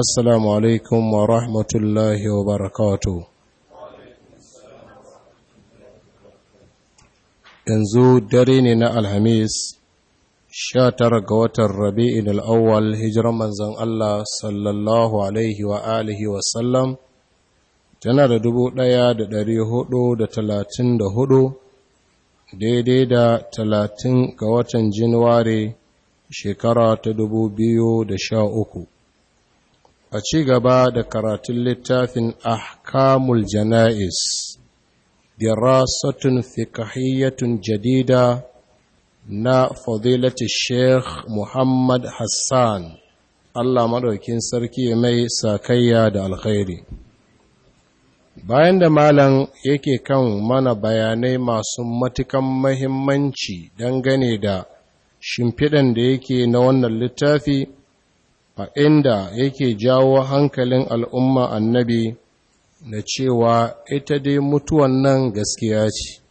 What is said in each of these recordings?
Assalamu alaikum wa rahmatullahi wa barakatu. Yanzu dare ne na Alhamis, sha tara ga watan Rabi'in al'awwal hijiran manzan Allah sallallahu Alaihi wa alihi tana da dubu ɗaya da ɗari hudu da talatin da hudu, daidai da talatin ga watan Januwari shekara ta dubu biyu da sha uku. a ci gaba da karatun littafin ahkamul jana'is dirasatun fikahiyyatun jadida na fadilati sheikh muhammad hassan allah maɗaukin sarki mai sakayya da alkhairi bayan da malam yake kan mana bayanai masu matukan mahimmanci dangane da shimfiɗan da yake na wannan littafi a inda yake jawo hankalin al'umma annabi na cewa ita dai mutuwan nan gaskiya ce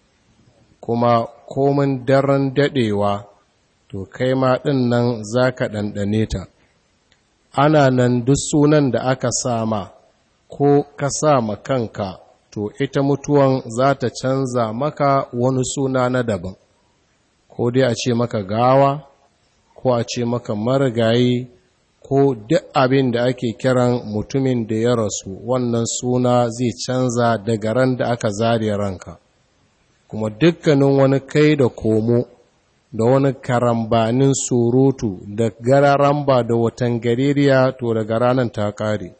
kuma komin daren daɗewa to kai ma ɗin nan za ka ɗanɗane ta ana nan duk sunan da aka sama ko ka sa ma kanka to ita mutuwan za ta canza maka wani suna na daban ko dai a ce maka gawa ko a ce maka marigayi ko duk abin da ake kiran mutumin da ya rasu wannan suna zai canza daga ran da aka zare ranka kuma dukkanin wani kai da komo da wani karambanin surutu da gararan ba da watan gaririya to daga ranar ta kare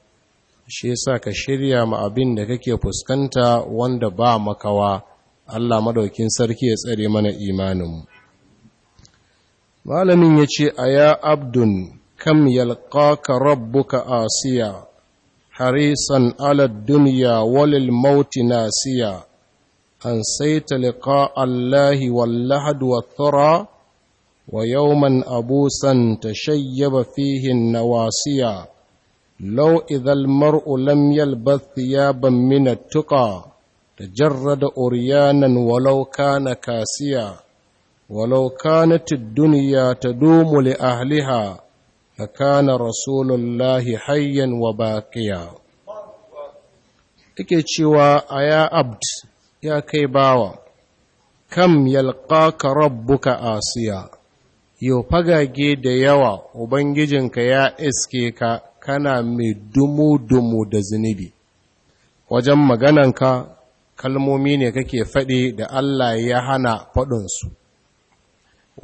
shi yasa ka shirya ma abin da kake fuskanta wanda ba makawa Allah madaukin sarki ya tsare mana imaninmu malamin ya ce a ya abdun kam yalqaka rabbuka asiya harisan ala dunya walil mauti nasiya an saita liqa allahi wal lahd wat thara wa yawman abusan shayyaba fihin nawasiya law idha al mar'u lam yalbath thiyaban min at tuqa tajarrada uryanan walau kana kasiya walau kanat ad dunya tadumu li ahliha لكان رسول الله حيا وباقيا yake cewa a ya abd ya kai bawa kam yalqaka rabbuka asiya yau fagage da yawa ubangijinka ya iske ka kana mai dumu-dumu da zunubi wajen magananka kalmomi ne kake faɗi da Allah ya hana faɗinsu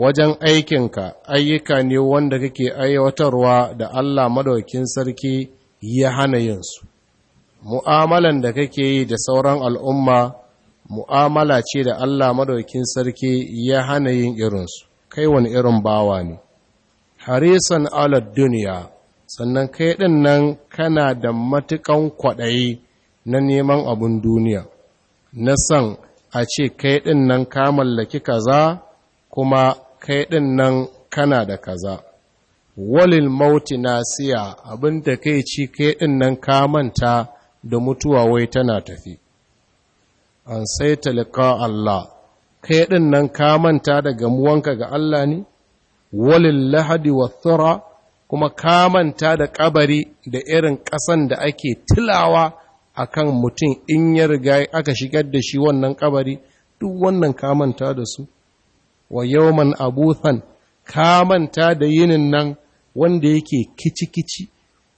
wajen aikinka ayyuka ne wanda kake aiwatarwa da Allah madaukin sarki ya hana yinsu mu'amalan da kake yi da sauran al'umma mu'amala ce da Allah madaukin sarki ya hana yin irinsu kai wani irin bawa ne harisan alad duniya sannan kai din nan kana da matukan kwaɗayi na neman abun duniya na san a ce kai din nan ka mallaki kaza kuma kai ɗin nan kana da kaza walil mauti nasiya abin da kai ci kai ɗin nan ka manta da mutuwa wai tana tafi an sai talika Allah kai ɗin nan ka manta da gamuwanka ga Allah ne walil lahadi wa thura kuma ka manta da kabari da irin ƙasan da ake tilawa akan mutum in ya riga aka shigar da shi wannan kabari duk wannan ka manta da su wa yawman abuthan ka manta da yinin nan wanda yake kici-kici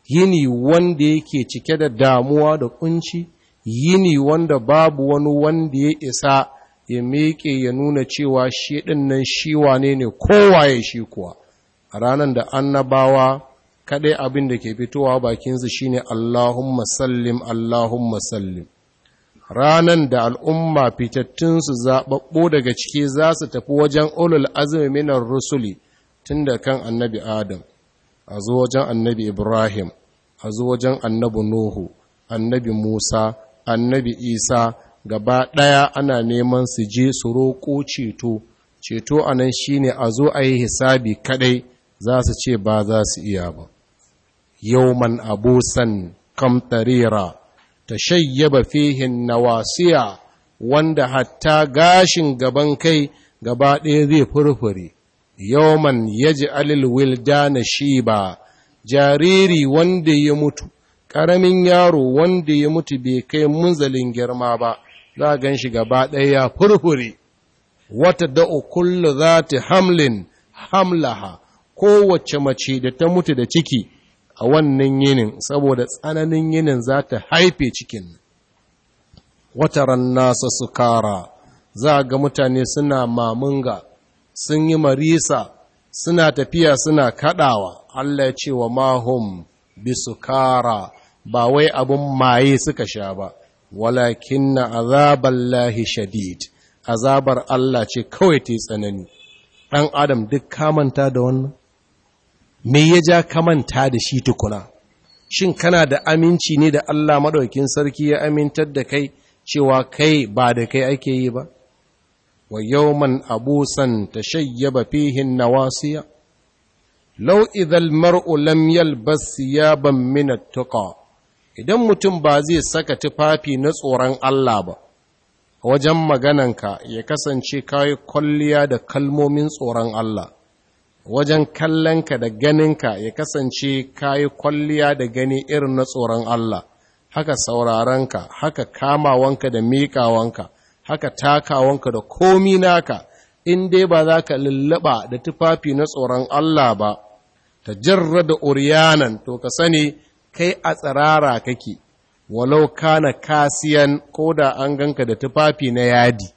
yini wanda yake cike da damuwa da kunci yini wanda babu wani wanda ya isa ya meƙe, ya nuna cewa shi ɗin nan shi wane ne kowaye shi kuwa a ranar da annabawa kaɗai abin da ke fitowa bakin bakinsu shine Allahumma sallim Allahumma sallim ranan da al'umma fitattunsu zaɓaɓɓo daga ciki za su tafi wajen ulul azumi minar rusuli tun da kan annabi adam a zo wajen annabi ibrahim a zo wajen annabi nuhu annabi musa annabi isa gaba ɗaya ana neman su je su roƙo ceto ceto a nan shi ne a zo a yi hisabi kaɗai za su ce ba za su iya ba yau man abusan kamtarira Tashayyaba fihin nawasiya wanda hatta gashin gaban kai gaba ɗaya zai furfure yawman yaji alil wildana shiba jariri wanda ya mutu ƙaramin yaro wanda ya mutu bai kai munzalin girma ba za a gan shi gaba ɗaya ya furfure wata da kullu za ta hamlin hamlaha kowace mace da ta mutu da ciki a wannan yinin saboda tsananin yinin za ta haife cikin wataran nasa su sukara za ga mutane suna mamunga sun yi marisa suna tafiya suna kadawa Allah ya ce wa mahum bisukara ba wai abin maye suka sha ba walakin na lahi shadid azabar Allah ce kawai ta tsanani ɗan adam duk kamanta da wannan me ya ja kamanta da shi tukuna shin kana da aminci ne da Allah maɗaukin sarki ya amintar da kai cewa kai ba da kai ake yi ba wa yawman abusan tashayyaba fihin nawasiya law idhal mar'u lam yalbas siyaban min at taqa idan mutum ba zai saka tufafi na tsoron Allah ba wajen maganan ka ya kasance kayi kwalliya da kalmomin tsoron Allah wajen kallonka da ganinka ya kasance ka yi kwalliya da gani irin na tsoron Allah, haka saurarenka, haka kamawanka da miƙawanka, haka takawanka da komi naka, in dai ba za ka lullaba da tufafi na tsoron Allah ba, ta jirra da uriyanan to ka sani kai a tsirara kake, walau na kasiyan ko da an ganka da tufafi na yadi,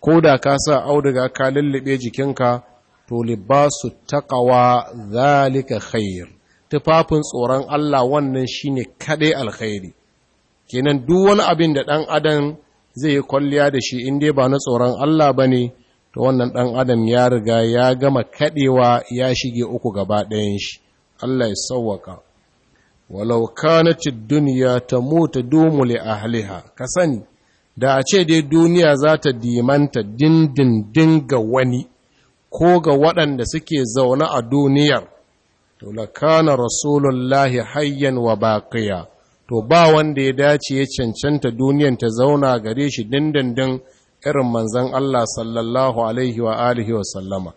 ko da ka sa auduga ka lullube jikinka. to libasu taqawa zalika khair tufafin tsoron Allah wannan shine kaɗai alkhairi kenan duk wani abin da ɗan adam zai yi kwalliya da shi in dai ba na tsoron Allah bane to wannan ɗan adam ya riga ya gama kaɗewa ya shige uku gaba ɗayan shi Allah ya sauwaka walau kanat ad-dunya tamutu dumu li ahliha ka sani da a ce dai duniya za ta dimanta dindindin ga wani ko ga waɗanda suke zaune a duniyar to lakana rasulullahi hayyan wa baqiya to ba wanda ya dace ya cancanta duniyar ta zauna gare shi dindindin irin manzon Allah sallallahu alaihi wa alihi wa sallama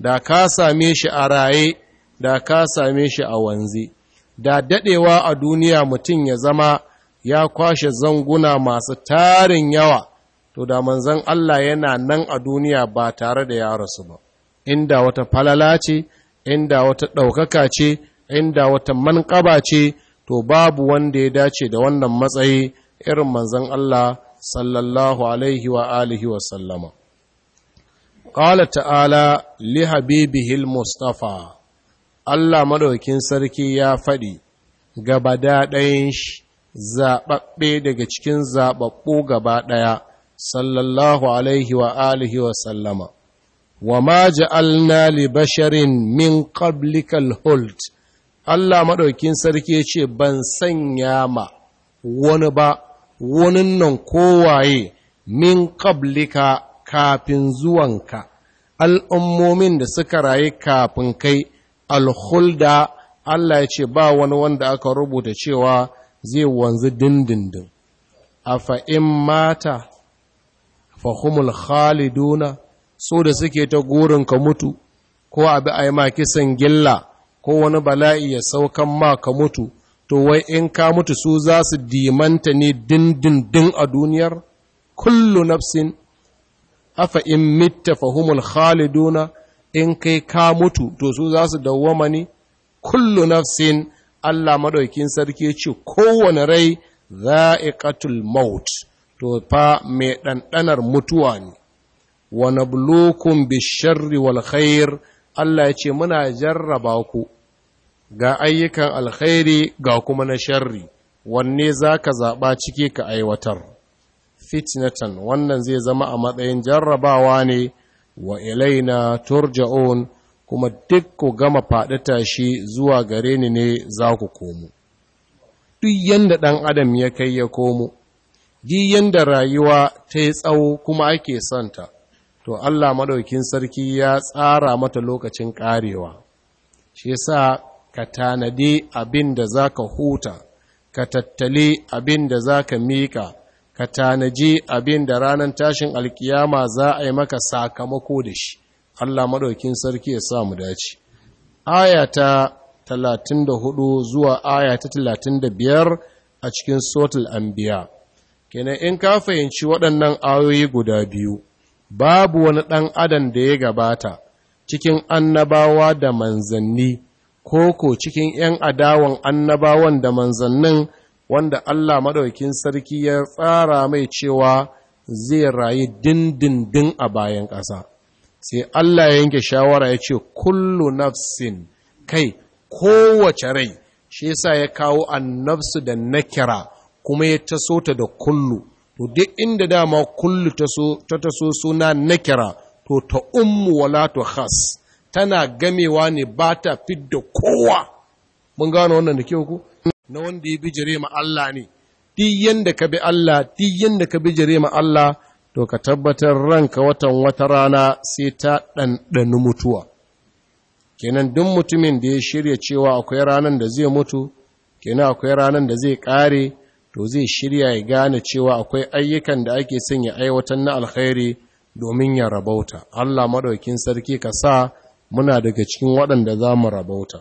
da ka same shi a raye da ka same shi a wanzi da dadewa a duniya mutum ya zama ya kwashe zanguna masu tarin yawa to da manzon Allah yana nan a duniya ba tare da ya rasu ba inda wata falala ce inda wata ɗaukaka ce inda wata manƙaba ce to babu wanda ya dace da wannan matsayi irin manzon Allah sallallahu alaihi wa alihi wa sallama ƙala ta'ala li habibihi mustafa Allah madaukin sarki ya faɗi gaba daɗayin shi zaɓaɓɓe daga cikin zaɓaɓɓu gaba ɗaya sallallahu alaihi wa alihi wa sallama wa ma ja'alna li basharin min qablikal Allah maɗaukin sarki ya ce ban sanya ma wani ba wani nan kowaye min qablika kafin zuwanka al'ummomin da suka rayu kafin kai alhulda Allah ya ce ba wani wanda aka rubuta cewa zai wanzu dindindin a fa'in mata fahimul khaliduna su da suke ta gurin ka mutu ko abi a yi ma kisan gilla ko wani bala'i ya saukan ma ka mutu to wai in ka mutu su za su dimanta ne dindindin a duniyar kullu nafsin afa in mitta fahumul khaliduna in kai ka mutu to su za su dawwama ne kullu nafsin Allah madaukin sarki ya ce kowane rai za'iqatul maut to fa mai ɗanɗanar mutuwa ne wa bulo bisharri wal khair Allah ya ce muna jarraba ku ga ayyukan alkhairi ga kuma na sharri wanne zaka zaɓa ciki ka aiwatar fitnatan wannan zai zama a matsayin jarrabawa ne wa ilaina turja'un kuma duk ku gama faɗi tashi zuwa gare ni ne za ku komo duk yanda ɗan adam ya kai ya komo duk yanda rayuwa ta yi tsawo kuma ake santa to Allah maɗaukin sarki ya tsara mata lokacin ƙarewa. shi sa ka tanadi abin da za ka huta ka tattali abin da za ka miƙa, ka tanaji abin da ranar tashin alkiyama za a yi maka sakamako da shi Allah maɗaukin sarki ya sa mu dace aya ta 34 zuwa aya ta 35 a cikin sotul anbiya kenan in ka fahimci waɗannan ayoyi guda biyu babu wani ɗan adam da ya gabata cikin annabawa da manzanni ko ko cikin ‘yan adawan annabawan da manzannin wanda Allah maɗaukin sarki ya tsara mai cewa zai rayu dindindin a bayan ƙasa. Sai Allah ya yanke shawara ya ce, Kullu nafsin kai kowace rai, shi sa ya kawo annabsu da nakira kuma ya taso ta da kullu. to duk inda dama kullu ta taso suna nakira to ta ummu wala to khas tana gamewa ne ba ta fidda kowa mun gano wannan da kyau ku na wanda ya bijire ma Allah ne duk yanda ka bi Allah duk yanda ka bijire ma Allah to ka tabbatar ranka watan wata rana sai ta ɗanɗani mutuwa kenan duk mutumin da ya shirya cewa akwai ranar da zai mutu kenan akwai ranar da zai ƙare to zai shirya ya gane cewa akwai ayyukan da ake son ya aiwatar na alkhairi domin ya rabauta Allah madaukin sarki ka sa muna daga cikin waɗanda za mu rabauta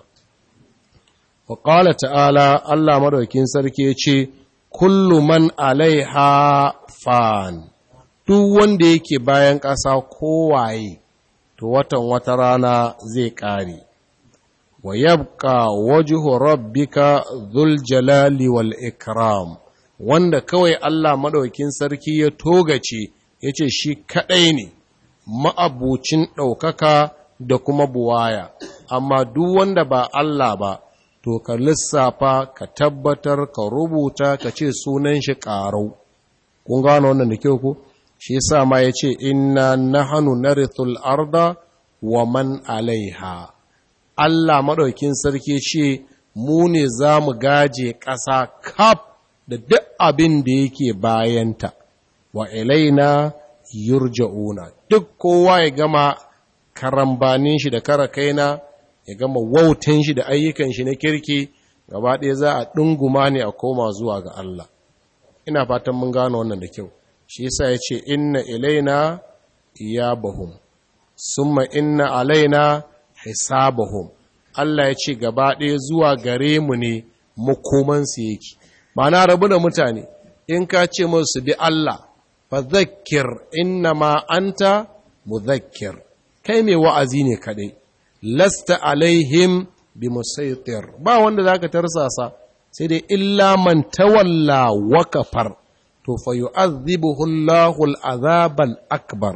wa ta'ala Allah madaukin sarki ya ce kullu man alaiha fan duk wanda yake bayan ƙasa kowaye to watan wata rana zai ƙare wa yabka wajhu rabbika dhul jalali wal ikram wanda kawai Allah maɗaukin sarki ya togace ya ce shi kaɗai ne ma'abucin ɗaukaka da kuma buwaya, amma duk wanda ba Allah ba, to ka lissafa, ka tabbatar, ka rubuta, ka ce sunan shi ƙarau. Kun gano wannan da kyau ku? Shi sa ma ya ce, Inna na hannu na rithul arda wa man alaiha. Allah maɗaukin sarki ce, Mu ne za mu gaje ƙasa kaf da duk abin da yake bayanta wa ilaina yurja'una duk kowa ya gama karambanin shi da kara kaina ya gama wautan shi da ayyukan shi na kirki gaba ɗaya za a ɗunguma ne a koma zuwa ga Allah ina fatan mun gano wannan da kyau shi yasa ya ce inna ilaina iyabahum summa inna alaina hisabahum Allah ya ce gaba ɗaya zuwa gare mu ne makomansu yake ma'ana rabu da mutane in ka ce musu bi Allah fa zakkir innama anta muzakkir kai mai wa'azi ne kadai lasta alaihim bi musaitir ba wanda za zaka tarsasa sai dai illa man tawalla wa kafar to fa yu'adhibuhu Allahu al akbar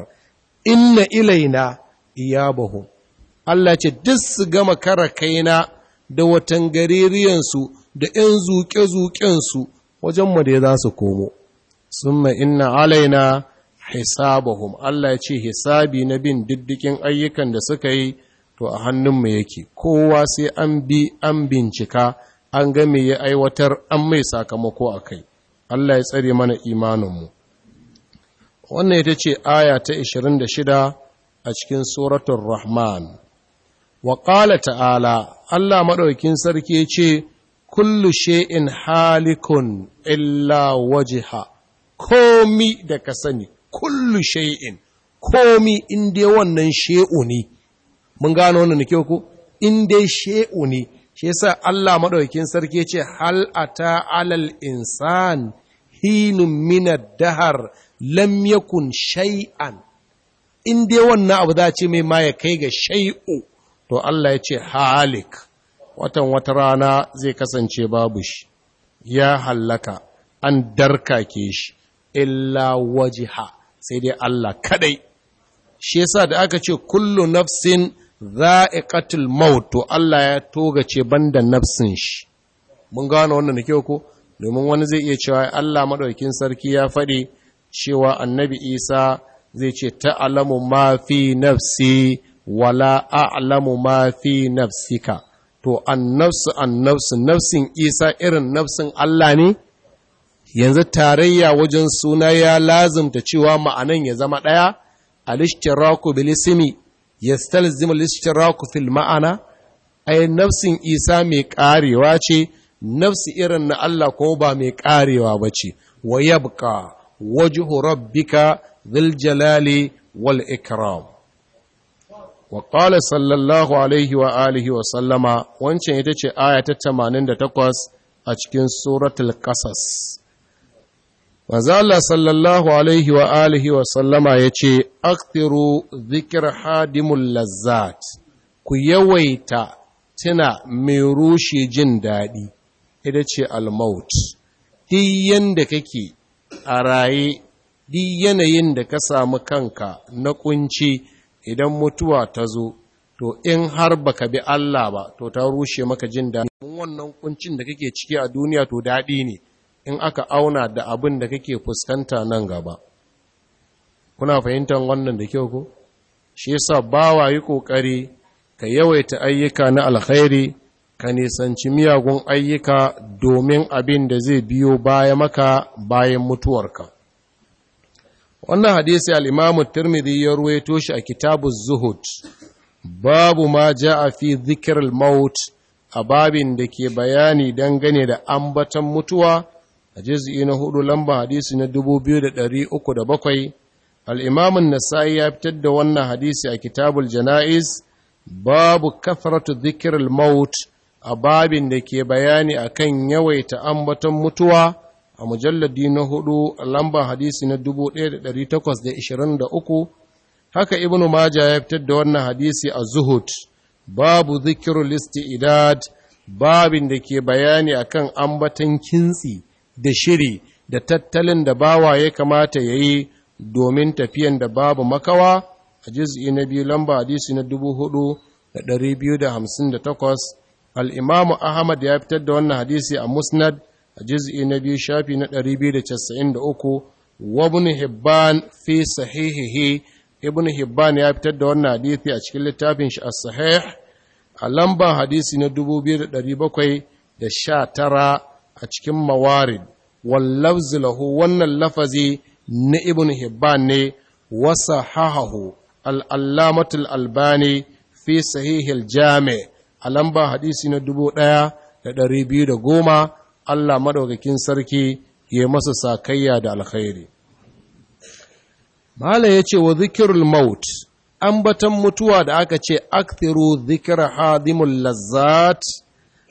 inna ilaina bahu. Allah ce duk su gama kara kaina da watan gaririyansu da ‘yan zuƙe-zuƙensu wajen mu da za su komo. Sun inna alaina hisabahum Allah ya ce hisabi na bin diddikin ayyukan da suka yi to a hannunmu yake, kowa sai an bi an bincika an game ya aiwatar an mai sakamako a kai. Allah ya tsare mana imaninmu. Wannan ita ce aya ta 26 a cikin suratun Rahman. Wa ƙala ta'ala, Allah maɗaukin sarki ce, kullu shay'in halikun illa wajha komi da ka sani kullu shay'in komi in dai wannan shay'u ne mun gano wannan ke ku in dai shay'u ne shi yasa Allah madaukakin sarki ya ce hal ata alal insan hinun ad dahar lam yakun shay'an in wannan abu za ce mai ma ya kai ga shay'u to Allah ya ce halik watan wata rana zai kasance babu shi ya hallaka an darka ke shi illa wajiha sai dai Allah kadai shi yasa da aka ce kullu nafsin a maut to Allah ya togace banda nafsin shi mun gano wannan da kyau ko domin wani zai iya cewa Allah maɗaukin sarki ya faɗi cewa annabi Isa zai ce ta'lamu ma mafi nafsi wala a'lamu ma fi nafsika to an nafsu, an nafsu, nafsin isa irin nafsin Allah ne yanzu tarayya wajen suna ya lazimta cewa ma'anan ya zama ɗaya al-ishtiraku bilisimi, ya yastalzimu fil ma'ana ai nafsin isa mai ƙarewa ce nafsi irin na Allah ko ba mai karewa ce? wa yabka wajihu rabbika zil jalali wal ikram wa qala sallallahu alaihi wa alihi wa sallama wancan ita ce tamanin da 88 a cikin suratul ƙasas. manzo Allah sallallahu alaihi wa alihi wa sallama ya ce, akthiru zikir, hadimun, lazzat ku yawaita tuna mai rushe jin daɗi ita ce almaut duk da kake a raye duk yanayin da ka samu kanka na ƙunci. idan mutuwa ta zo to in har ba ka bi Allah ba to ta rushe maka jin daɗi wannan kuncin da kake ciki a duniya to daɗi ne in aka auna da abin da kake fuskanta nan gaba kuna fahimtar wannan da kyau ko shi yasa wa yi kokari ka yawaita ayyuka na alkhairi ka nisanci miyagun ayyuka domin abin da zai biyo baya maka bayan mutuwarka wannan hadisi al-imamu tirmidhi ya ruwaito shi a kitabu zuhud babu ma ja'a fi dhikr maut a babin da ke bayani dangane da ambatan mutuwa a juz'i na hudu lamba hadisi na 2307 al-imamu nasai ya fitar da wannan hadisi a kitabul janaiz babu kafaratu dhikr al-maut a babin da ke bayani akan yawaita ambatan mutuwa a mujalladi na hudu a lambar hadisi na 1823 haka Ibn maja ya fitar da wannan hadisi a zuhud babu Listi Idad, babin da ke bayani akan ambatan kintsi da shiri da tattalin da bawa ya kamata ya yi domin tafiyan da babu makawa a jiz'i na biyu lamba hadisi na 4258 al'imamu ahmad ya fitar da wannan hadisi a musnad a juz'i na biyu shafi na 293 wa ibn hibban fi sahihihi ibn hibban ya fitar da wannan hadisi a cikin littafin shi a sahih a lambar hadisi na da sha tara a cikin mawarid wallafzi lahu wannan lafazi na ibn hibban ne wasa hahahu al'allamatul albani fi sahihil jami a lamba hadisi na goma. Allah madaukakin sarki ya masa sakayya da alkhairi mala yace wa zikirul maut ambatan mutuwa da aka ce akthiru zikra hadimul lazzat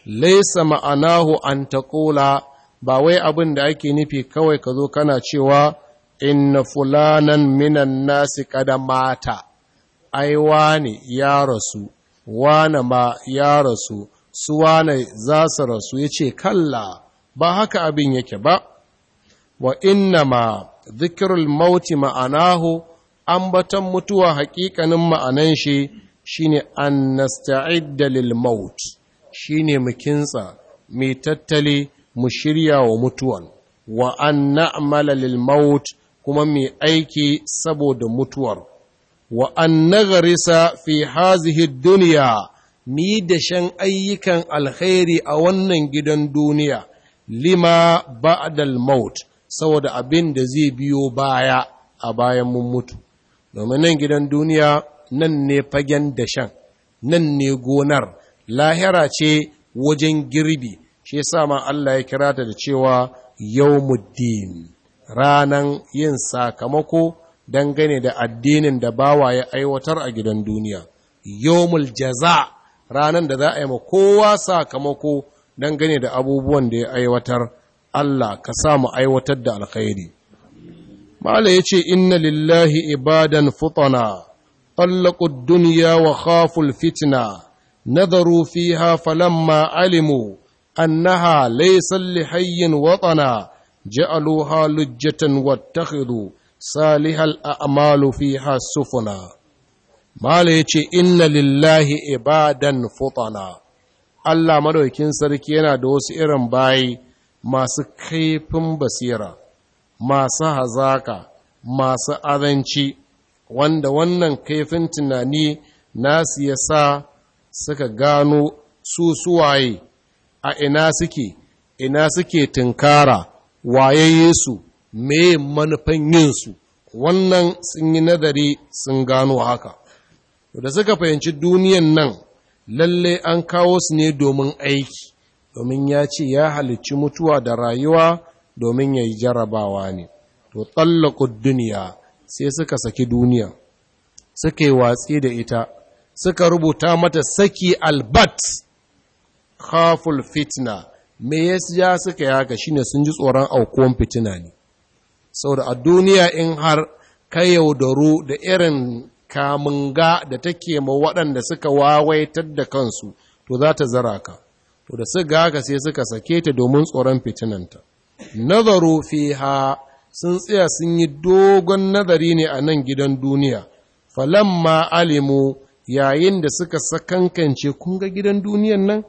laisa ma'anahu an taqula ba wai abin da ake nufi kawai ka zo kana cewa inna fulanan minan nasi kadamata ai wane ya rasu wane ma ya rasu su wane za su rasu yace ce kalla ba haka abin yake ba wa inna ma zikirul mauti ma'anahu ambatan mutuwa haƙiƙanin ma'anan shi ne an nasta'id lil maut shi ne mukinsa mai tattali mu shirya wa mutuwan wa an na'amala lil maut kuma mai aiki saboda mutuwar wa an nagarisa fi hazihi duniya mi dashen ayyukan alkhairi a wannan gidan duniya lima ba'dal maut saboda abin da zai biyo baya a bayan mun mutu domin nan gidan duniya nan ne fagen dashen nan ne gonar lahira ce wajen girbi shi yasa ma Allah ya kira ta da cewa yau yawmuddin ranan yin sakamako dangane da addinin da bawa ya aiwatar a gidan duniya Yau muljaza ranan da za a yi ma kowa sakamako don gane da abubuwan da ya aiwatar Allah ka mu aiwatar da alkhairi. Mala ya ce, Inna lillahi ibadan fuɗana, ɓallakud duniya wa khaful fitna, nazaru fiha falamma ma'alimu, annaha laisan lihayyin watsana, ja'aluha lujjatan wattakhidhu salihal a'malu fiha sufuna. Mala ya ce, Inna lillahi ibadan fuɗana. Allah madaukin sarki yana da wasu irin bayi masu kaifin basira masu hazaka masu azanci wanda wannan kaifin tunani nasu ya sa suka gano su suwaye a ina suke ina suke tunkara waye su me manufan yinsu wannan sun yi nadari sun gano haka da suka fahimci duniyan nan lalle an kawo su ne domin aiki domin ya ce ya halicci mutuwa da rayuwa domin ya yi jarabawa ne to tsallaku duniya sai suka saki duniya suka yi watsi da ita suka rubuta mata saki albat khaful fitna me ya suka yi haka shine sun ji tsoron aukuwan fitina ne Sau da a duniya in har ka yaudaru da irin kamunga da take ma waɗanda suka wawaitar da kansu to za ta zara ka to da suka haka sai suka sake ta domin tsoron fitinanta nazaru fiha sun tsaya sun yi dogon nazari ne a nan gidan duniya falamma alimu yayin da suka sakankance kun ga gidan duniyan nan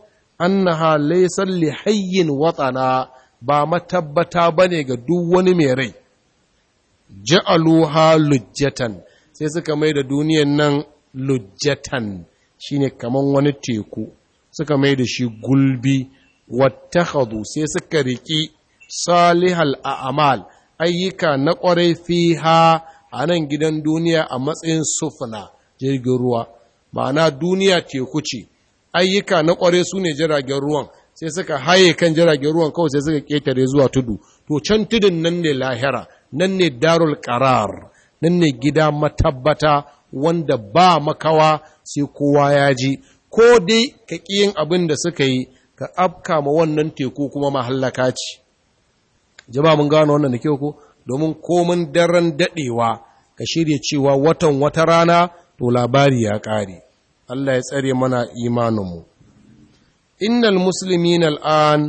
annaha laysa li hayyin watsana, ba matabbata bane ga duk wani mai rai ja'aluha lujjatan sai suka mai da duniyan nan lujjatan shine kaman wani teku suka mai da shi gulbi wattakhadhu sai suka riki salihal a'mal ayyuka na ƙwarai fiha a nan gidan duniya a matsayin sufna jirgin ruwa ma'ana duniya teku ce ayyuka na ƙwarai su ne jiragen ruwan sai suka haye kan jiragen ruwan kawai sai suka ƙetare zuwa tudu to can tudun nan ne lahira nan ne darul qarar nan ne gida matabbata wanda ba makawa sai kowa ya ji ko dai ka yin abin da suka yi ka afka ma wannan teku kuma mahallaka ce jama'a mun gano wannan da kyau ko domin komin daren daɗewa ka shirya cewa watan wata rana to labari ya ƙare. Allah ya tsare mana imaninmu innal muslimina al'an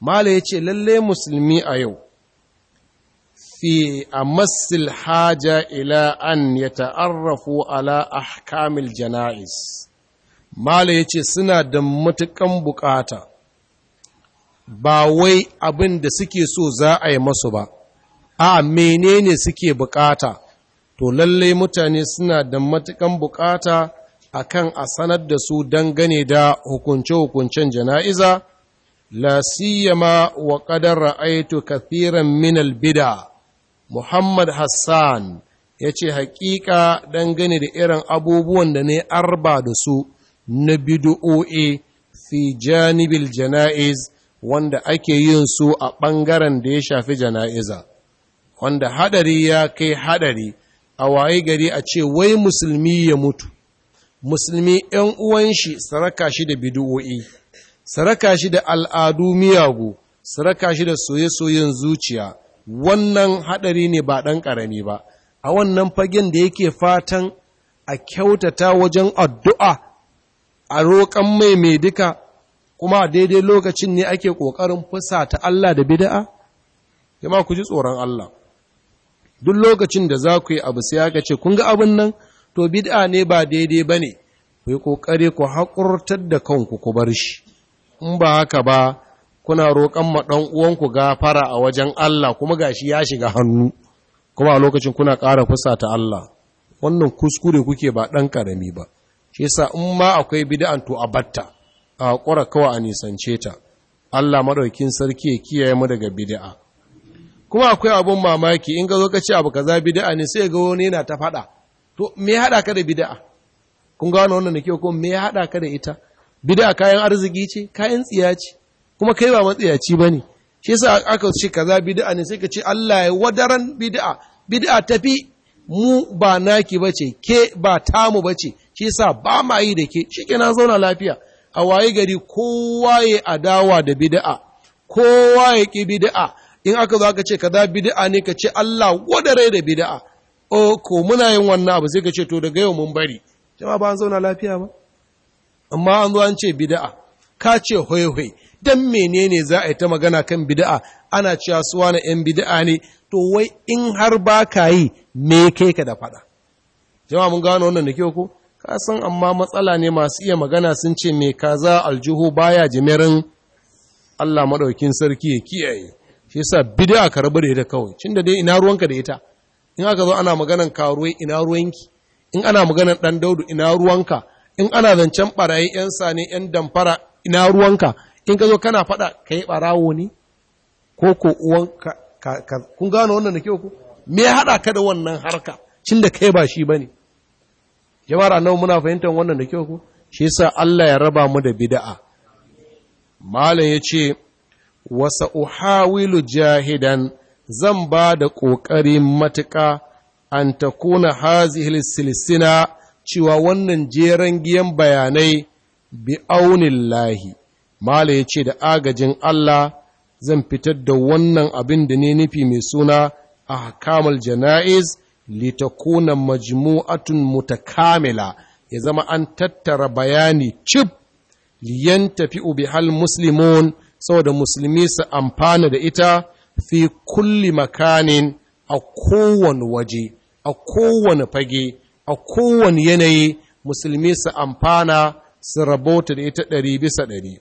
mala yace lallai musulmi a yau a amassil haja ila an ta'arrafu ala ahkamil jana'is mala yace suna da matukan buƙata. ba wai abin da suke so za a yi masu ba A'a, menene suke buƙata? to lallai mutane suna da matukan bukata akan a sanar da su dangane da hukunce-hukuncen jana'iza la siyama wa qadar ra'aytu kathiran minal al-bid'a Muhammad Hassan ya ce haƙiƙa dangane da irin abubuwan da ne arba da su na bidu'o'i fi janibil jana'iz wanda ake yin su a ɓangaren da ya shafi jana'iza, wanda haɗari ya kai haɗari a waye gari a ce wai musulmi ya mutu, musulmi ‘yan uwan shi saraka shi da bidu'o'i, saraka shi da al'adu miyagu, saraka shi da soye-soyen zuciya. wannan haɗari ne ba ɗan ƙarami ba a wannan fagen da yake fatan a kyautata wajen addu'a a roƙon mai mai duka kuma daidai lokacin ne ake ƙoƙarin fusa ta Allah da bida'a? ma ku ji tsoron Allah. Duk lokacin da za ku yi abu sai aka ce, kun ga abin nan, to bid'a ne ba daidai ba ne, ku yi ƙoƙari ku haƙurtar da kanku ku bar shi, in ba haka ba kuna roƙon ma ɗan uwanku gafara a wajen Allah kuma ga shi ya shiga hannu kuma a lokacin kuna ƙara fusa ta Allah wannan kuskure kuke ba ɗan ƙarami ba shi sa in ma akwai bid'an to a batta a hakura kawai a nisance ta Allah maɗaukin sarki ya kiyaye mu daga bida'a. kuma akwai abun mamaki in ga zo ka abu kaza bid'a ne sai ga wani yana ta faɗa to me ya haɗa ka da bida'a? kun gano wannan da ko me ya haɗa ka da ita Bida'a kayan arziki ce kayan tsiya ce kuma kai ba matsiyaci ba ne shi sa aka ce kaza bid'a ne sai ka ce Allah ya wadaran bid'a bid'a tafi mu ba naki ba ce, ke ba tamu bace shi sa ba ma yi da ke Shi shikenan zauna lafiya a waye gari kowa ya adawa da bid'a kowa ya ki bid'a in aka zo aka ce kaza bid'a ne ka ce Allah wadare da bid'a o ko muna yin wannan abu sai ka ce to daga yau mun bari jama'a ba an zauna lafiya ba amma an zo an ce bid'a ka ce hoihoi dan menene za a yi ta magana kan bid'a ana cewa suwa na yan bid'a ne to wai in har ba ka yi me kai ka da faɗa jama'a mun gano wannan da kyau ko ka san amma matsala ne masu iya magana sun ce me kaza aljuhu baya jimirin Allah maɗaukin sarki ya kiyaye shi yasa bid'a ka rabu da ita kawai cinda dai ina ruwanka da ita in aka zo ana maganan karuwai ina ruwanki in ana maganan dan daudu ina ruwanka in ana zancen barayi yan sane yan damfara ina ruwanka in ka zo kana faɗa ka yi ɓarawo ne ko ko uwan kun gano wannan da kyau ku me ya haɗa ka da wannan harka cin da kai ba shi ba ne jama'ar annabu muna fahimtar wannan da kyau ku shi yasa Allah ya raba mu da bid'a malam yace wasa uhawilu jahidan zan ba da ƙoƙarin matuƙa an ta kuna hazihil silsina cewa wannan jeran giyan bayanai bi'aunillahi. mala ya ce da agajin Allah zan fitar da wannan abin da ne nufi mai suna a kamar jana'iz litakuna majmu'atun mutakamila ya zama an tattara bayani cib liyan tafi ubi hal muslimun saboda musulmi su amfana da ita fi kulli makanin a kowane waje a kowane fage a kowane yanayi musulmi su amfana su rabota da ita ɗari bisa ɗari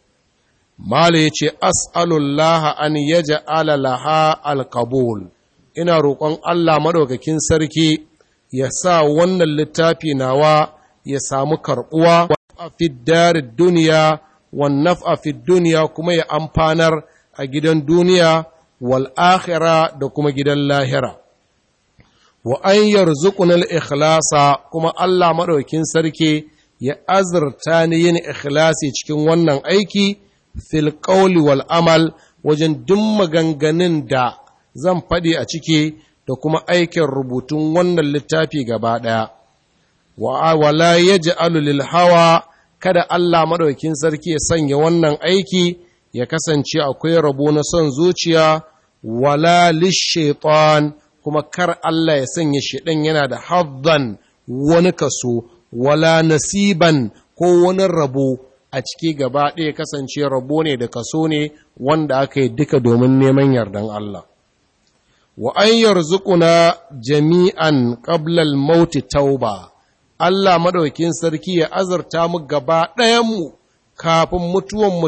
Mala ya ce, As'alullah an yaja alalaha alkabul, ina roƙon Allah maɗaukakin sarki ya sa wannan littafi nawa ya samu karɓuwa a afidari duniya, wannan a duniya kuma ya amfanar a gidan duniya, walahira da kuma gidan lahira. Wa an yarzuƙunar ikhlasa kuma Allah maɗaukakin sarki ya azurta ni yin ikhlasi cikin wannan aiki. fil wal amal wajen duk maganganun da zan faɗi a ciki da kuma aikin rubutun wannan littafi gaba ɗaya wa wala yaj'alu lil hawa kada Allah maɗaukin sarki ya sanya wannan aiki ya kasance akwai rabo na son zuciya wala lishaitan kuma kar Allah ya sanya shaidan yana da haddan wani kaso wala nasiban ko wani rabo a ciki gaba ɗaya kasance rabo ne da kaso ne wanda aka yi duka domin neman yardan Allah. Wa an yarzuquna jami'an ƙablal mauti tauba, Allah maɗaukin sarki ya azarta mu gaba ɗayanmu kafin mu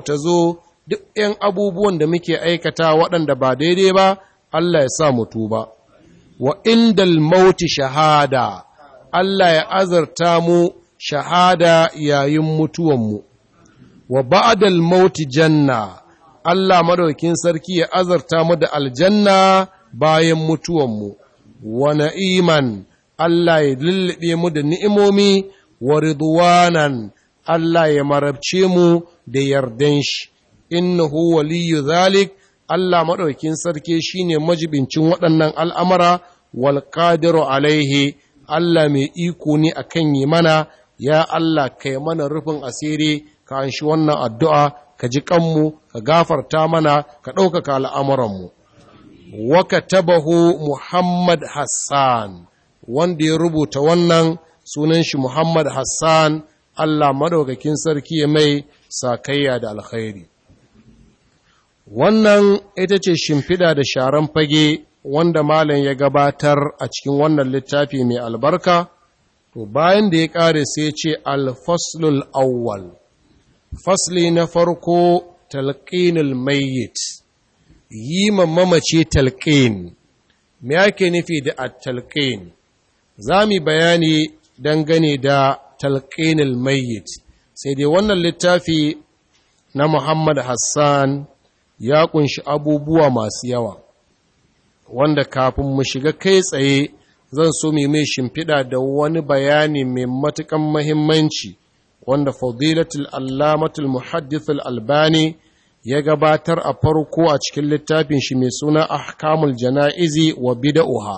ta zo duk ‘yan abubuwan da muke aikata waɗanda ba daidai ba, Allah ya sa mutu ba. Wa indal mauti shahada, Allah ya azarta mu shahada yayin mutuwanmu. wa ba'adal mauti janna Allah madaukin sarki ya azarta mu da aljanna bayan mutuwanmu wa na'iman Allah ya lullube mu da ni'imomi wa ridwanan Allah ya marabce mu da yardan shi innahu waliyyu zalik Allah madaukin sarki shine majibincin waɗannan al'amara wal qadiru alaihi Allah mai iko ne akan yi mana ya Allah kai mana rufin asiri ka an shi wannan addu'a ka ji kanmu ka gafarta mana ka ɗaukaka al'amuranmu waka tabahu muhammad hassan wanda ya rubuta wannan sunan shi muhammad hassan allah maɗaukakin sarki ya mai sakayya da alkhairi wannan ita ce shimfiɗa da sharan fage wanda malam ya gabatar a cikin wannan littafi mai albarka to bayan da ya ƙare sai ce alfaslul awwal fasli na farko talqinul mayyit yi ma mamace talqin me yake nufi da at-talqin zami bayani dangane da talqinul mayyit sai dai wannan littafi na Muhammad Hassan ya kunshi abubuwa masu yawa wanda kafin mu shiga kai tsaye zan so mai mai shimfiɗa da wani bayani mai matuƙan mahimmanci wanda fadilatul allamatul muhaddithul albani ya gabatar a farko a cikin littafin shi mai suna ahkamul jana'izi wa bid'uha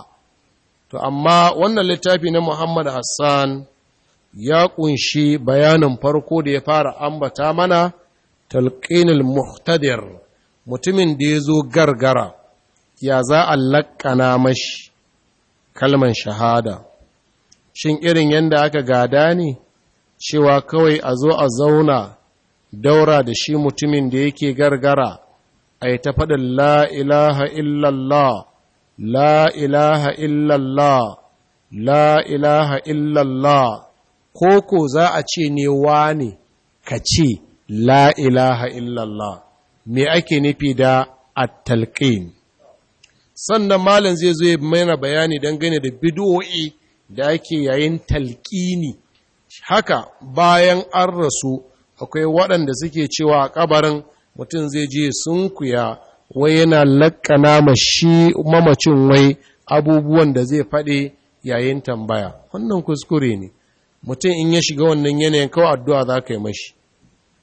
to amma wannan littafi na Muhammad Hassan ya kunshi bayanin farko da ya fara ambata mana talqinul muhtadir mutumin da yazo gargara ya za a laƙana mashi kalman shahada shin irin yanda aka gada ne cewa kawai a zo a zauna daura da shi mutumin da yake gargara a yi ta faɗin la illallah la illallah la illallah ko ko za a ce ne ne ka ce la illallah me ake nufi da at sannan malam zai zo ya mana bayani dangane da bid'o'i da ake yayin talƙini. haka bayan an rasu akwai waɗanda suke cewa a ƙabarin mutum zai je sun kuya wai yana lakkana nama shi mamacin wai abubuwan da zai faɗi yayin tambaya wannan kuskure ne mutum in ya shiga wannan yanayin kawai addu'a za ka yi mashi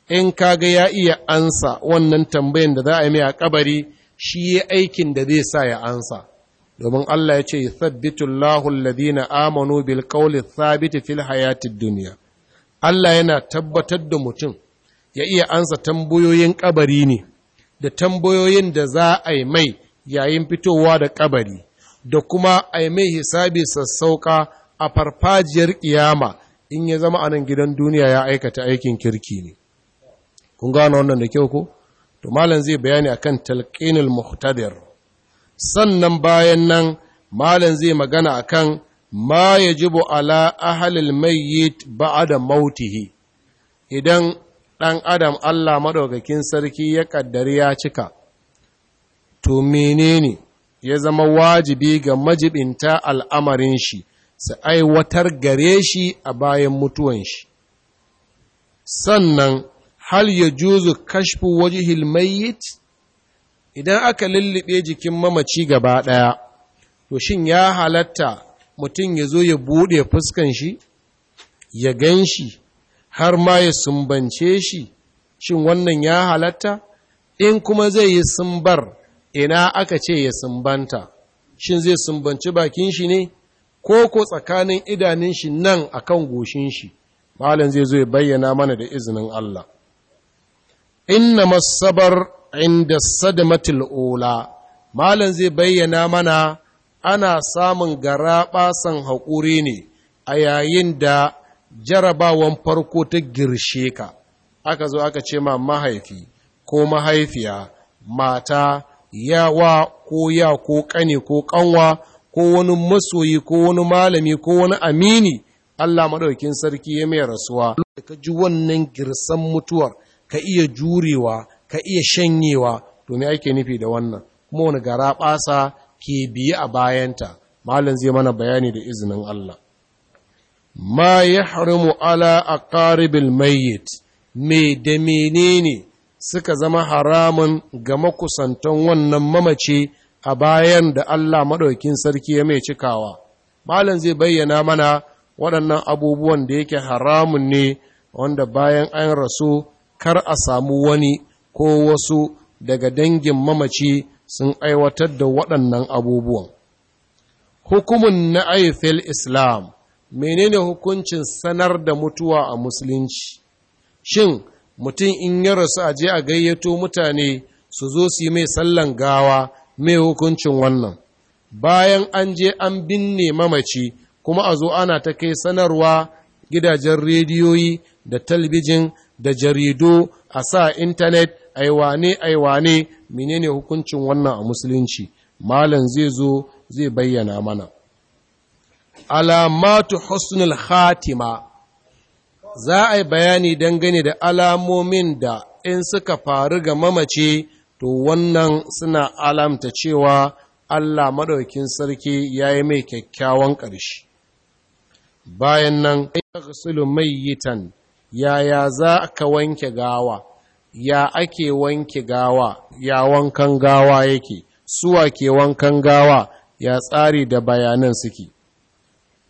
in kaga ya iya ansa wannan tambayan da za a yi mai a ƙabari, shi ya aikin da zai sa ya ansa domin Allah ya ce thabbitullahu alladhina amanu bil qawli sabiti fil hayatid duniya. Allah yana tabbatar da mutum ya iya ansa tambayoyin kabari ne da tambayoyin da za a yi mai yayin fitowa da kabari da kuma a yi mai hisabi sassauka a farfajiyar kiyama in ya zama anan gidan duniya ya aikata aikin kirki ne kun gano wannan da kyau ko to malam zai bayani akan talqinul muhtadir sannan bayan nan malam zai magana a kan ma ya yajibu ala ahlil mayyit ba'da mautihi idan ɗan adam Allah maɗaukakin sarki ya ƙaddari ya cika to menene ya zama wajibi ga majibinta al'amarin shi su aiwatar gare shi a bayan mutuwan shi sannan hal ya juzu kashfu wajihil mayyit idan aka lullube jikin mamaci gaba ɗaya to shin ya halatta mutum ya zo ya buɗe fuskan shi ya gan shi har ma ya sumbance shi shin wannan ya halatta in kuma zai yi sumbar ina aka ce ya sumbanta shin zai sumbanci bakin shi ne ko ko tsakanin idanun shi nan akan goshin shi malam zai zo ya bayyana mana da izinin Allah inna masabar inda sadamatul ula malam zai bayyana mana ana samun gara san haƙuri ne a yayin da jarabawan farko ta girshe ka aka zo aka ce ma mahaifi ko mahaifiya mata yawa ko ya ko ƙani ko ƙanwa ko wani masoyi ko wani malami ko wani amini Allah maɗaukin sarki ya mai rasuwa ka ji wannan girsan mutuwar ka iya jurewa ka iya shanyewa domin ake nufi da wannan kuma wani gara basa ke biye a bayanta malam zai mana bayani da izinin Allah ma harimu ala aqaribil mayyit me da menene suka zama haramun ga makusantan wannan mamace a bayan da Allah maɗaukin sarki ya mai cikawa malam zai bayyana mana waɗannan abubuwan da yake haramun ne wanda bayan an rasu kar a samu wani ko wasu daga dangin mamaci sun aiwatar da waɗannan abubuwan. Hukumin na aifil Islam menene hukuncin sanar da mutuwa a Musulunci? Shin, mutum in ya rasu a je a gayyato mutane su zo su yi mai sallan gawa mai hukuncin wannan. Bayan an je an binne mamaci kuma a zo ana ta kai sanarwa gidajen rediyoyi da talbijin da jaridu a sa intanet aiwane aiwane menene hukuncin wannan a musulunci malam zai zo zai bayyana mana alamatu husnul khatima za a yi bayani dangane da alamomin da in suka faru ga mamace to wannan suna alamta cewa Allah maɗaukin sarki ya yi mai kyakkyawan ƙarshe. Bayan nan, ya mai tan, yaya za ka wanke gawa, ya ake wanke gawa ya wankan gawa yake suwa ke wankan gawa ya tsari da bayanan suke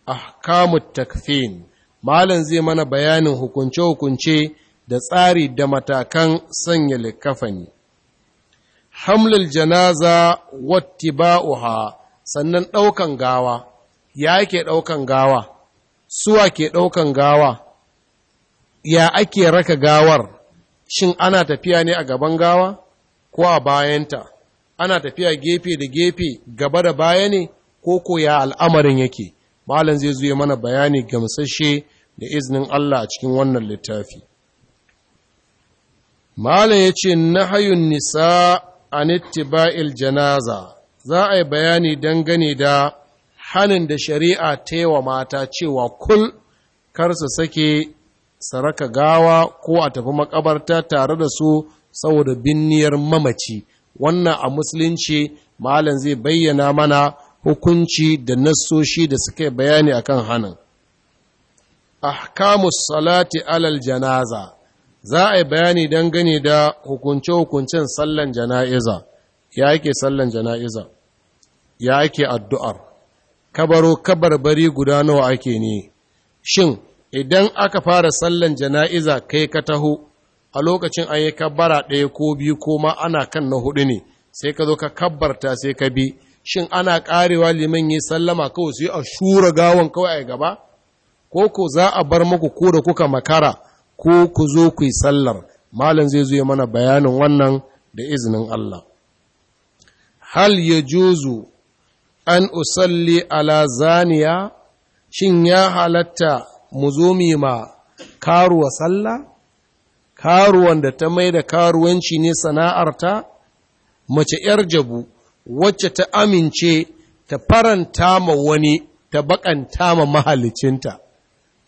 ahkamut takfin malam zai mana bayanin hukunce-hukunce da tsari da matakan sanya likafani hamlul janaza wattiba'uha sannan ɗaukan gawa ya ake ɗaukan gawa suwa ke ɗaukan gawa ya ake raka gawar shin ana tafiya ne a gaban gawa ko a bayanta ana tafiya gefe da gefe gaba da baya ne ko koya al'amarin yake malam zai zuye mana bayani gamsashe da iznin Allah a cikin wannan littafi malam ya ce nahayun nisa an ittiba'il janaza za a yi bayani dangane da hanin da shari'a ta yi wa mata cewa kul kar su sake saraka gawa ko a tafi makabarta tare da su saboda binniyar mamaci wannan a musulunci malam zai bayyana mana hukunci da nassoshi da suka bayani a akan hanin ahkamus salati alal janaza za a yi bayani dangane da hukunce-hukuncen sallan jana'iza ya ake sallan jana'iza ya ake addu'ar kabaro kabarbari guda nawa ake ne shin idan aka fara sallan jana'iza kai ka taho a lokacin an yi kabbara ɗaya ko biyu ko ma ana kan na hudu ne sai ka zo ka kabbarta sai ka bi shin ana ƙarewa liman yi sallama kawai sai a shura gawon kawai a gaba ko ko za a bar muku ko da kuka makara ko ku zo ku yi sallar malam zai zo mana bayanin wannan da izinin Allah hal ya juzu an usalli ala zaniya shin ya halatta mu zo mu ma karuwa sallah karuwan da ta mai da karuwanci ne sana'arta mace ‘yar jabu wacce ta amince ta faranta ma wani ta bakanta ma mahalicinta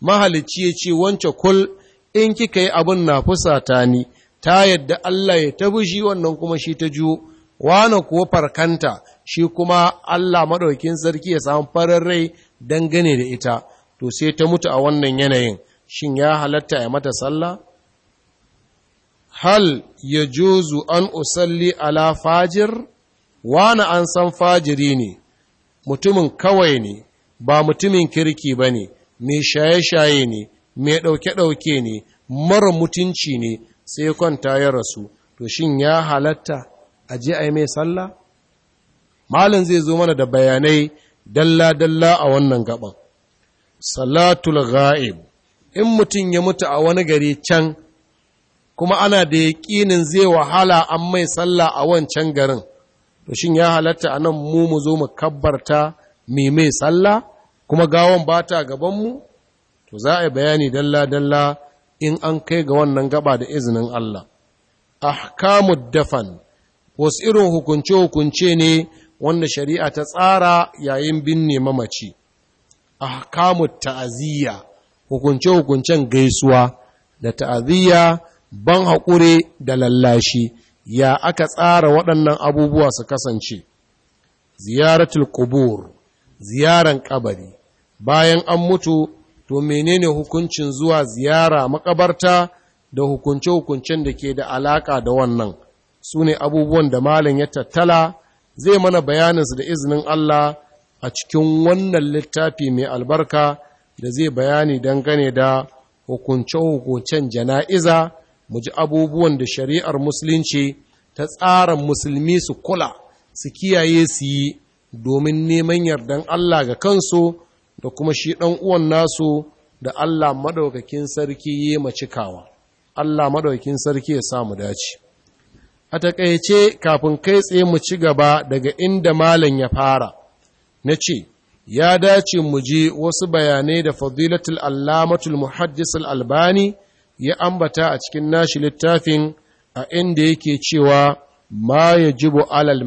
mahalici ya ce wance kul in kika yi abin na fusata ni ta yadda Allah ya tabi shi wannan kuma shi ta juyo wane kuwa farkanta shi kuma Allah maɗaukin sarki ya samu farin rai dangane da ita to sai ta mutu a wannan yanayin shin ya halatta ya mata sallah hal ya jozu an usalli ala fajir wani an san fajiri ne mutumin kawai ne ba mutumin kirki ba ne mai shaye-shaye ne mai ɗauke-ɗauke ne mara mutunci ne sai kwanta ya rasu to shin ya halatta a je a yi mai sallah malin zai zo mana da bayanai dalla-dalla a wannan gaban salatul ghaib in mutum ya mutu a wani gari can kuma ana da yaƙinin zai wahala an mai sallah a wancan garin to shin ya halatta a nan mu mu zo mu kabbarta mai mai sallah kuma gawon ba ta gabanmu to za a yi bayani dalla-dalla in an kai ga wannan gaba da izinin Allah ahkamud dafan wasu irin hukunce-hukunce ne wanda shari'a ta tsara yayin binne mamaci ahkamu ta'aziyya hukunce-hukuncen gaisuwa da ta'aziyya ban haƙure da lallashi ya aka tsara waɗannan abubuwa su kasance ziyaratul qubur ziyaran kabari bayan an mutu to menene hukuncin zuwa ziyara makabarta da hukunce-hukuncen da ke da alaka da wannan su ne abubuwan da malin ya tattala zai mana bayaninsu da izinin Allah a cikin wannan littafi mai albarka da zai bayani dangane da hukunce-hukuncen jana'iza mu ji abubuwan da shari'ar musulunci ta tsara musulmi su kula su kiyaye su yi domin neman yardan Allah ga kansu da kuma shi ɗan uwan nasu da Allah maɗaukakin sarki yi macikawa. Allah maɗaukakin sarki ya samu dace. A taƙaice kafin kai tsaye mu ci gaba daga inda malam ya fara. na ce ya dace mu je wasu bayanai da fadilatul allamatul muhaddis albani ya ambata a cikin nashi littafin a inda yake cewa ma ya jibo alal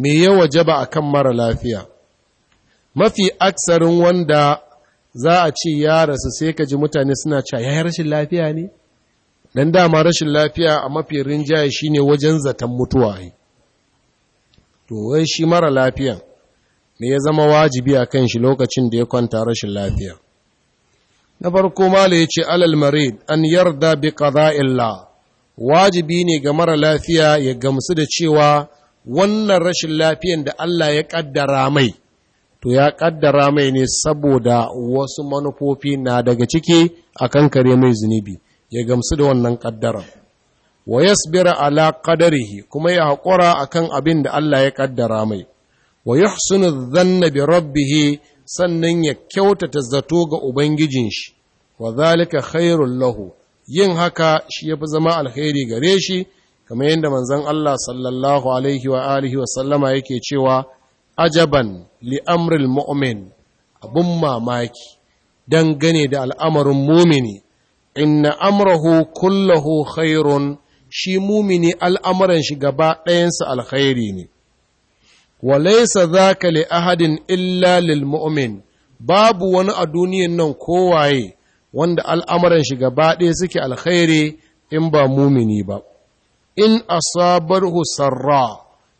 me ya wajaba a kan mara lafiya mafi aksarin wanda za a ce ya rasu sai ka ji mutane suna cewa ya rashin lafiya ne dan dama rashin lafiya a mafi rinjaye shine wajen zaton mutuwa ne to wai shi mara lafiyan me ya zama wajibi a kan shi lokacin da ya kwanta rashin lafiya na farko mala ya ce alal marid an yarda bi qada'illa wajibi ne ga mara lafiya ya gamsu da cewa wannan rashin lafiyan da Allah ya kaddara mai to ya kaddara mai ne saboda wasu manufofi na daga ciki akan kare mai zunubi ya gamsu da wannan kaddara wa yasbira ala qadarihi kuma ya haƙura a kan abin da Allah ya ƙaddara mai wa yuhsinu dhanna bi rabbih sannan ya kyautata zato ga ubangijin shi wa zalika khairul lahu yin haka shi yafi zama alheri gare shi kamar yadda manzon Allah sallallahu alaihi wa alihi wa sallama yake cewa ajaban li amril mu'min abun mamaki dangane da al'amarin mumini inna amrahu kullahu khairun shi mumini al'amuran shi gaba ɗayansa alkhairi ne. Walaisa za ka li ahadin illa lil mu'min, babu wani a duniyan nan kowaye wanda al'amuran shi gaba ɗaya suke alkhairi in ba mumini ba. In a asabar husarra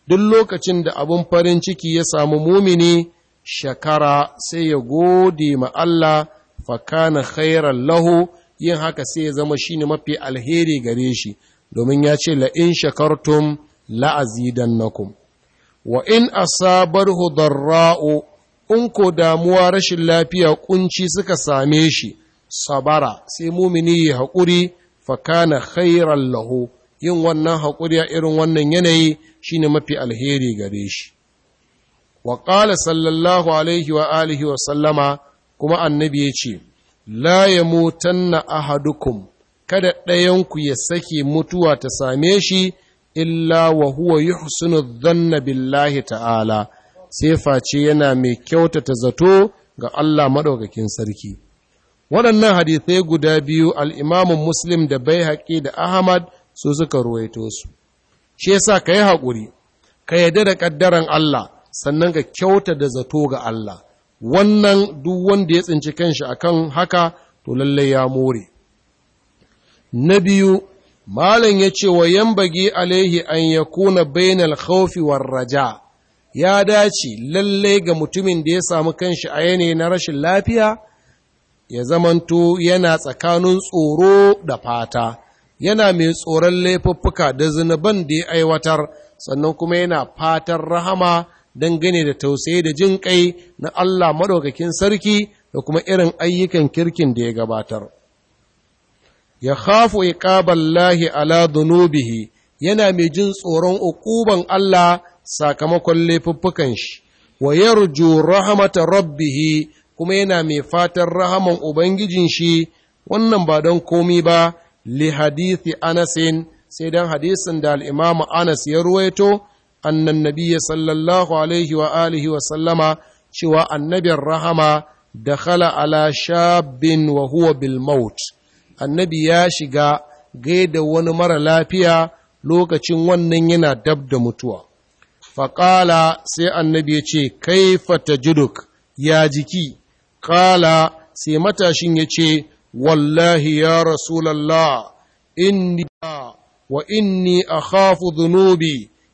duk lokacin da abin farin ciki ya samu mumini, shakara sai ya gode ma Allah fakana khairan lahu yin haka sai ya zama shine mafi alheri gare shi. domin ya ce la'in shakartum nakum, wa in asabarhu darra'u in ko damuwa rashin lafiya kunci suka same shi sabara sai mumini ya haƙuri fakana khairan lahu yin wannan hakuri a irin wannan yanayi shine mafi alheri gare shi wa qala sallallahu alaihi wa alihi wa sallama kuma annabi ya ce la yamutanna ahadukum kada ɗayanku ya sake mutuwa ta same shi illa wa huwa yuhsinu dhanna billahi ta'ala sai face yana mai kyautata zato ga Allah maɗaukakin sarki waɗannan hadithai guda biyu al'imamin muslim da bai da ahmad su suka ruwaito su shi yasa ka yi haƙuri ka yarda da ƙaddaran Allah sannan ka kyauta da zato ga Allah wannan duk wanda ya tsinci kanshi akan haka to lallai ya more na biyu malam ya ce wa yambage alaihi an ya kuna bainal khawfi war raja ya dace lalle ga mutumin da ya samu kanshi a yanayi na rashin lafiya ya zamanto yana tsakanin tsoro da fata yana mai tsoron laifuffuka da zunuban da ya aiwatar sannan kuma yana fatan rahama dangane da tausayi da jin kai na Allah maɗaukakin sarki da kuma irin ayyukan kirkin da ya gabatar. ya khafu iqaballahi ala dhunubihi yana mai jin tsoron ukuban Allah sakamakon laifuffukan shi wa yarju rahmata rabbih kuma yana mai fatan rahaman ubangijin shi wannan ba don komi ba li hadithi anasin sai dan hadisin da al-imam Anas ya ruwaito annan nabiyya sallallahu alaihi wa alihi wa sallama cewa annabin rahama dakhala ala shabbin wa Bilmaut. annabi ya shiga gaida wani mara lafiya lokacin wannan yana dab da mutuwa faƙala sai annabi ya ce kaifa jiduk ya jiki ƙala sai matashin ya ce wallahi ya rasulallah inni wa inni a khafu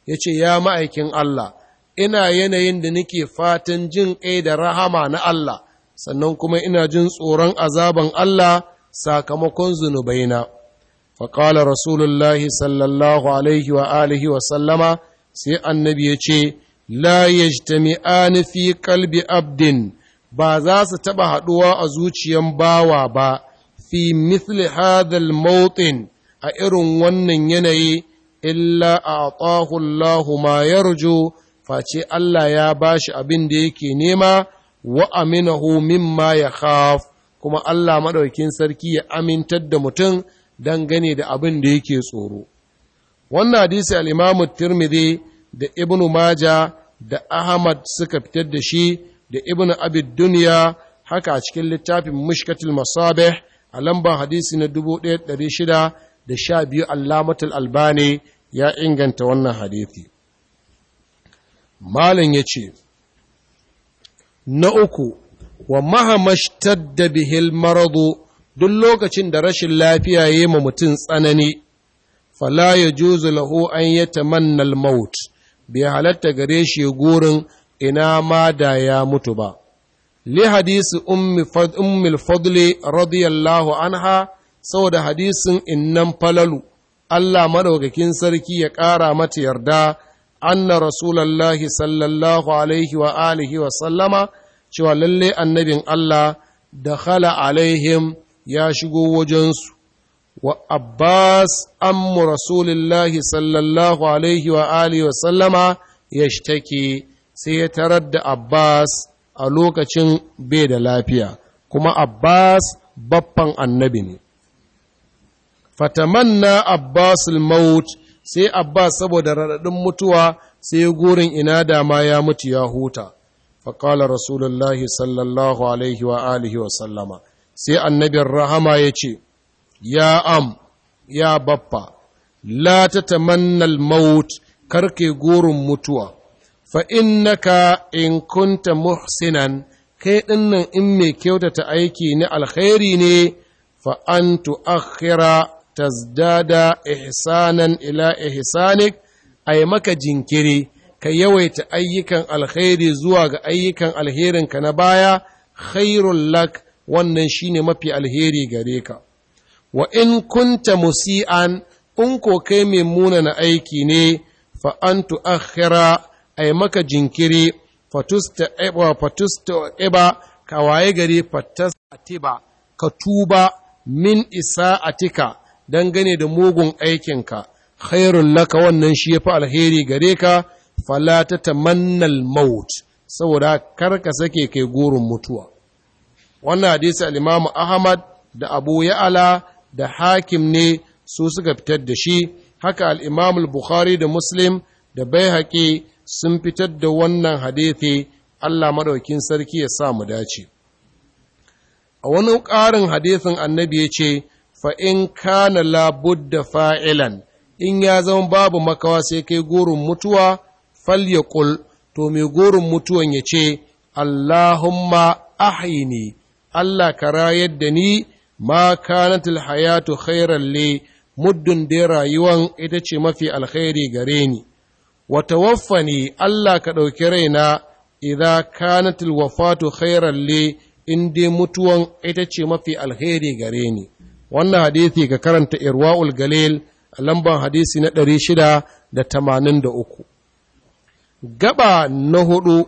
yace ya ma'aikin Allah ina yanayin da nake fatan jin ƙai da rahama na Allah sannan kuma ina jin tsoron azaban Allah sakamakon na faƙala rasulullahi sallallahu alaihi wa alihi wa sallama sai annabi ya ce la yajtami'ani fi kalbi abdin ba za su taɓa haɗuwa a zuciyan bawa ba fi mithli hadhal mawtin a irin wannan yanayi illa a Allahu ma yarju face Allah ya bashi abin da yake nema wa aminahu mimma ya khafu. kuma Allah maɗaukin sarki ya amintar da mutum don gane da abin da yake tsoro. Wannan hadisi al'imamu Tirmidhi da Ibn Maja da Ahmad suka fitar da shi da Ibn Abid Duniya haka a cikin littafin Mushkatul Masabih a lambar hadisi na 1612 Allamatul Albani ya inganta wannan hadisi. Malin ya ce, Na uku, wa mahamashtar bihil maradu duk lokacin da rashin lafiya ya yi ma mutum tsanani fala ya juzu lahu an ya tamanna maut bai halatta gare shi gurin ina ma da ya mutu ba li hadisi ummul fadli radiyallahu anha saboda hadisin innan falalu Allah madaukakin sarki ya ƙara mata yarda anna rasulallahi sallallahu alaihi wa alihi wa sallama cewa lalle annabin Allah da khala alaihim ya shigo wajensu wa Abbas ammu rasulillahi sallallahu alaihi wa alihi wa sallama ya shitake, sai ya tarar da Abbas a lokacin bai da lafiya kuma Abbas baffan annabi ne fatamanna Abbas al-maut sai Abbas saboda raɗaɗin mutuwa sai gurin ina da ma ya mutu ya huta faƙala rasulullahi sallallahu alaihi wa alihi wa sai annabin rahma ya ce ya am ya baffa la ta tamannal maut karke gurin mutuwa fa innaka in kunta muhsinan kai dinnan in mai kyautata aiki na alkhairi ne fa an tu'akhira tazdada ihsanan ila ihsanik ay maka jinkiri ka yawaita ayyukan alkhairi zuwa ga ayyukan alherinka na baya khairul lak wannan shine mafi alheri gare ka wa in kunta musi'an in ko kai mai munana aiki ne fa an tu'akhira ay maka jinkiri fatusta iba ka waye gari fatastatiba ka tuba min isa isa'atika dangane da mugun aikinka khairul laka wannan shi yafi alheri gare ka fala ta tamannal maut saboda karka sake kai gurin mutuwa wannan hadisi al-Imam Ahmad da Abu ya'ala da Hakim ne su suka fitar da shi haka al bukhari da Muslim da Baihaqi sun fitar da wannan hadisi Allah maɗaukin sarki ya sa mu dace a wani ƙarin hadisin annabi ya ce fa in kana labudda fa'ilan in ya zama babu makawa sai kai gurin mutuwa falyakul to mai gorin mutuwan ya ce Allahumma ahini Allah ka rayar da ni ma kanatul hayatu khairan le, muddun da rayuwan ita ce mafi alkhairi gare ni wa ne Allah ka ɗauki raina idan kanatul wafatu khairan le, in dai mutuwan ita ce mafi alheri gare ni wannan hadisi ka karanta irwaul galil a lamban hadisi na uku. gaba na hudu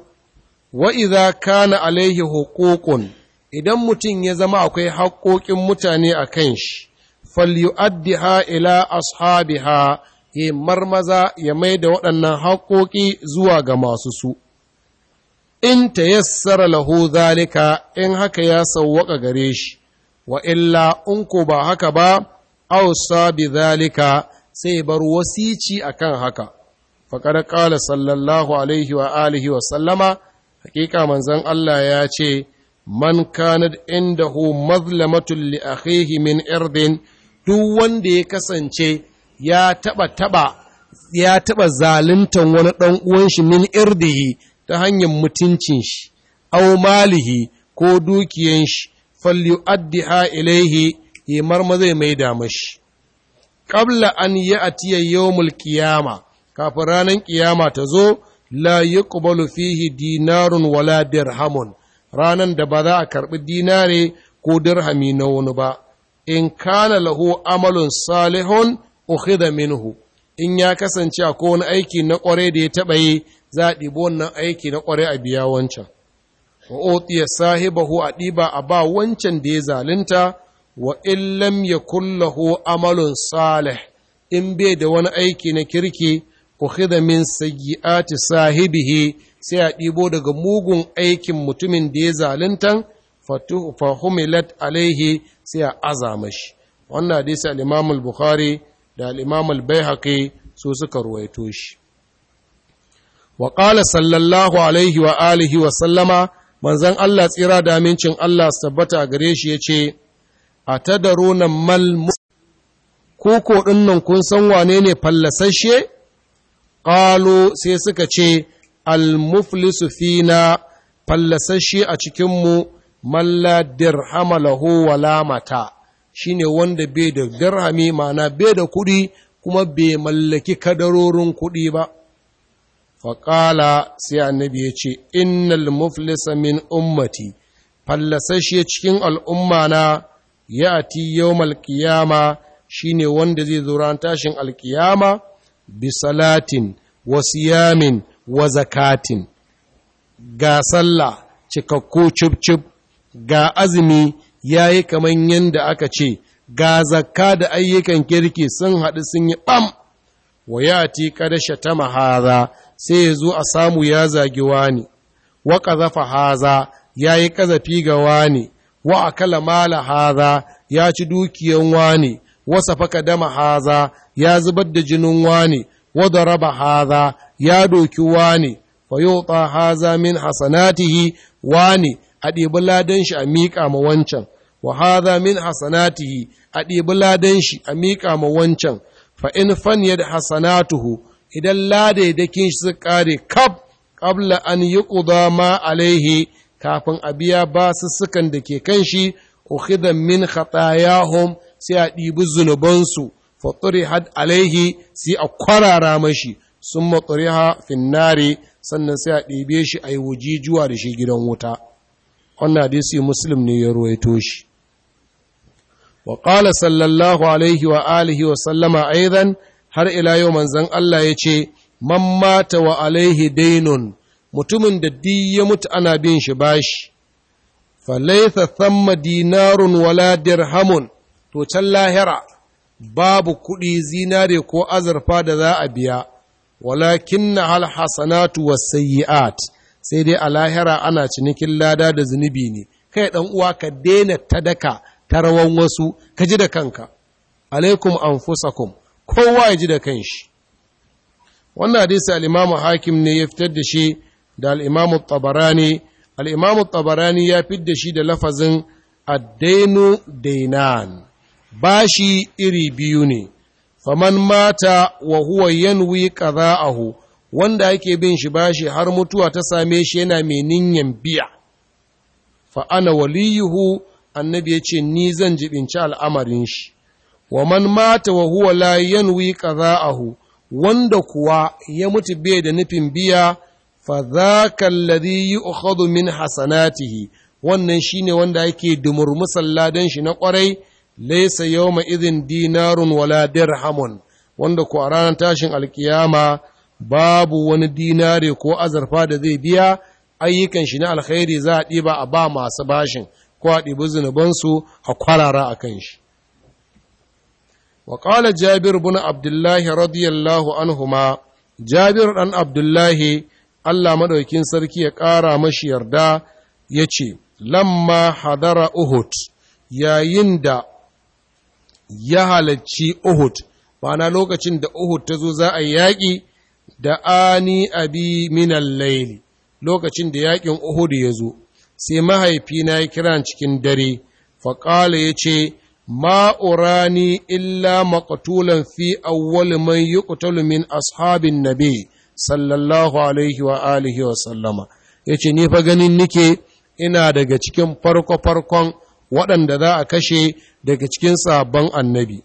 wa iza kana alaihi huququn idan mutum ya zama akwai haƙoƙin mutane a kan shi falyu'addiha ila ashabiha ya marmaza ya mai da waɗannan haƙoƙi zuwa ga masu su in tayassara lahu zalika in haka ya sawwaka gare shi wa illa in ko ba haka ba ausa bi zalika sai bar wasici akan haka faƙar ƙala sallallahu alaihi wa alihi wa sallama hakika manzan Allah ya ce man kanad hu mazlamatun li akhihi min irdin duk wanda ya kasance ya taɓa taba ya taba zalintan wani ɗan uwan shi min irdihi ta hanyar mutuncin shi au malihi ko dukiyan shi ha ilaihi ya marma zai mai damashi. mashi an an a yawmul mulkiyama. kafin ranar ƙiyama ta zo la yuqbalu fihi dinarun wala dirhamun ranan da ba za a karɓi dinare ko dirhami na wani ba in kana lahu amalun salihun ukhida minhu in ya kasance a wani aiki na ƙware da ya taɓa yi za a ɗibo wannan aiki na ƙware a biya wancan wa sahibahu a ɗiba a ba wancan da ya zalunta wa illam yakun lahu amalun salih in bai da wani aiki na kirki ukhidha min sayyi'ati sahibihi sai a ɗibo daga mugun aikin mutumin da ya zaluntan fahumilat alaihi sai a azama shi wannan hadisi al-imam al-bukhari da al-imam al-baihaqi su suka ruwaito shi wa qala sallallahu alaihi wa alihi wa sallama manzon Allah tsira da amincin Allah tabbata a gare shi yace atadaruna mal ko ko dinnan kun san wane ne ƙalo sai suka ce almuflisu fina fallasashe a cikinmu malla dirhama lahu wala mata shine wanda bai da dirhami ma'ana bai da kuɗi kuma bai mallaki kadarorin kuɗi ba faƙala sai annabi ya ce innal muflisa min ummati fallasashe cikin al'umma na ya ati yawmal shi shine wanda zai zura tashin alkiyama bisalatin wa siyamin wa zakatin ga sallah cikakku cib ga azumi yayi kamar yanda aka ce ga zakka da ayyukan kirki sun haɗu sun yi ɓam wa ya ti ƙarshe ta mahaza sai ya zo a samu ya zagi wani wa ƙazafa haza ya yi ƙazafi ga wani wa akala mala haza ya ci dukiyan wani wasafa ka dama haza ya zubar da jinin wani wadda raba haza ya doki wani fayota haza min hasanatihi wani a ɗebi ladan shi a miƙa ma wancan wa haza min hasanatihi a ɗebi ladan shi a miƙa ma wancan fa in fanyar da hasanatuhu idan lada da kin shi su ƙare kaf ƙabla an yi ƙuda ma alaihi kafin a biya ba su sukan da ke kan shi ukhidan min khatayahum sai a ɗibi zunubansu faɗuri had alaihi sai a kwarara mashi sun matsuri ha finnare sannan sai a ɗebe shi a yi wujijuwa da shi gidan wuta wannan hadisi muslim ne ya ruwaito shi wa ƙala sallallahu alaihi wa alihi wa sallama aizan har ila yau manzan Allah ya ce man wa alaihi dainun mutumin da duk ya mutu ana bin shi bashi falaitha thamma dinarun wala dirhamun to can lahira babu kuɗi zinare ko azurfa da za a biya walakin na hal hasanatu wasayyi'at sai dai a lahira ana cinikin lada da zunubi ne kai ɗan uwa ka daina tadaka ta rawan wasu ka ji da kanka alaikum anfusakum kowa ya ji da kanshi wannan hadisi al hakim ne ya fitar da shi da al-imamu tabarani al tabarani ya fitar da shi da lafazin addainu dainan bashi iri biyu ne faman mata wa huwa yanwi qada'ahu wanda yake bin shi bashi har mutuwa ta same shi yana mai ninyan biya fa ana waliyuhu annabi yace ni zan jibinci al'amarin shi wa man mata wa huwa la yanwi qada'ahu wanda kuwa ya mutu bai da nufin biya fa dhaka alladhi yu'khadhu min hasanatihi wannan shine wanda yake musalla ladan shi na kwarai laisa yawma idhin dinarun wala dirhamun wanda ko a ranar tashin alkiyama babu wani dinari ko azurfa da zai biya ayyukan shi na alkhairi za a ɗiba a ba masu bashin ko a ɗibi zunubansu a kwarara a kan shi wa ƙala jabir bin abdullahi radiyallahu anhuma jabir ɗan abdullahi allah maɗaukin sarki ya ƙara mashi yarda ya ce lamma hadara uhud yayin da ya halarci Uhud, mana lokacin da Uhud ta zo za a yaƙi da ani abi minan laili, lokacin da yaƙin Uhud ya zo, sai mahaifina ya kira cikin dare, faƙala ya ce, Ma'urani illa maƙatulan fi awwal man yuqtalu min ashabin nabi sallallahu alaihi wa alihi wa sallama, ya ce, Ni fa ganin nike ina daga cikin farko-farkon waɗanda za a kashe daga cikin sabon annabi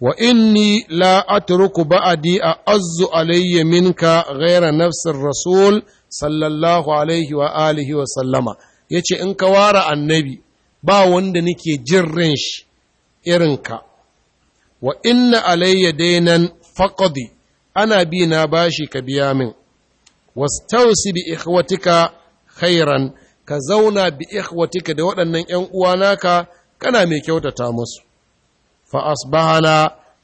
wa inni la atruku ba'adi a azzu alayya minka ghaira nafsir rasul sallallahu alaihi wa alihi wa sallama yace in ka ware annabi ba wanda nake jin ran shi irinka wa inna alayya dainan faqadi ana bi na bashi ka biya min wastausi bi ikhwatika khairan ka zauna bi ikhwatika da waɗannan ‘yan uwa naka kana mai kyautata musu. Fa asbahana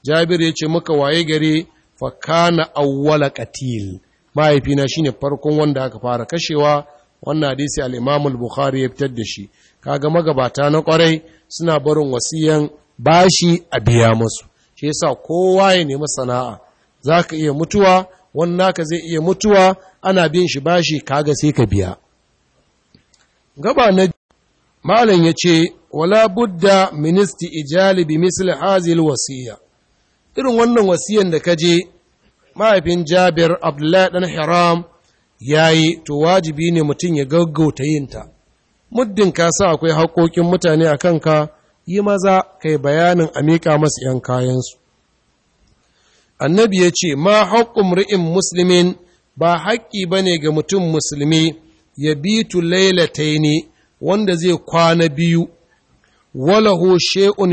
Jabir ya ce muka waye gare fa kana awwala qatil mahaifina ne farkon wanda aka fara kashewa wannan hadisi al’imamul bukhari ya fitar da shi kaga magabata na kwarai suna barin wasiyan bashi a biya musu shi yasa kowa ya nemi sana'a Za ka iya mutuwa wannan ka zai iya mutuwa ana bin shi bashi kaga sai ka biya gaba na malam ya ce wala budda ministi ijali bi misli hazil wasiya irin wannan wasiyan da ka je mahaifin jabir abdullahi dan haram yayi to wajibi ne mutum ya gaggauta yinta muddin ka sa akwai haƙoƙin mutane a ka yi maza kai bayanin a miƙa masu ‘yan kayansu annabi ya ce ma haƙƙun ri'in musulmin ba haƙƙi ba ne ga mutum musulmi ya bitu lailataini wanda zai kwana biyu walahu shay'un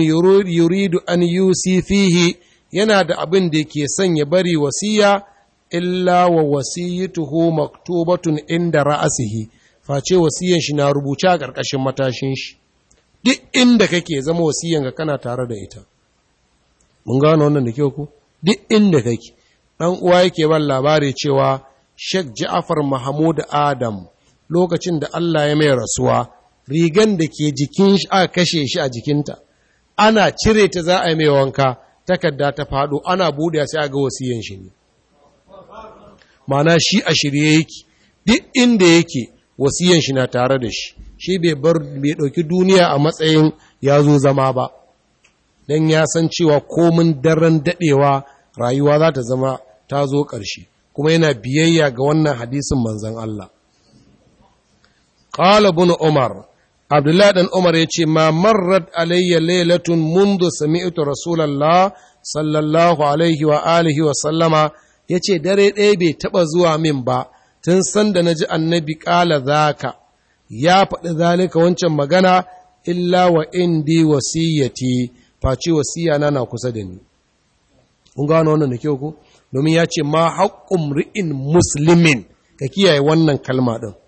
yuridu an yusi fihi yana da abin da ke son ya bari wasiya illa wa wasiyatuhu maktubatun inda ra'asihi face wasiyan shi na rubuce a ƙarƙashin matashin shi duk inda kake zama wasiyan ga kana tare da ita mun gano wannan da kyau ku duk inda kake dan uwa yake ban labari cewa Sheikh Ja'far Mahmud Adam lokacin da Allah ya mai rasuwa rigan da ke jikin shi aka kashe shi a jikinta ana cire ta za a yi mai wanka takarda ta faɗo ana buɗe sai a ga wasiyan shi ne mana shi a shirye yake duk inda yake wasiyan shi na tare da shi shi bai bar bai ɗauki duniya a matsayin ya zo zama ba Dan ya san cewa komin daren daɗewa rayuwa za ta zama ta zo ƙarshe kuma yana biyayya ga wannan hadisin manzon Allah qala ibn umar abdullah dan umar yace ma marrat alayya laylatun mundu sami'tu rasulullah sallallahu alaihi wa alihi wa sallama yace dare ɗaya bai taɓa zuwa min ba tun sanda na ji annabi qala zaka ya faɗi zalika wancan magana illa wa indi wasiyyati face wasiya na na kusa da ni kun gano wannan da kyau ku domin ya ce ma haƙƙun ri'in muslimin ka kiyaye wannan kalma ɗin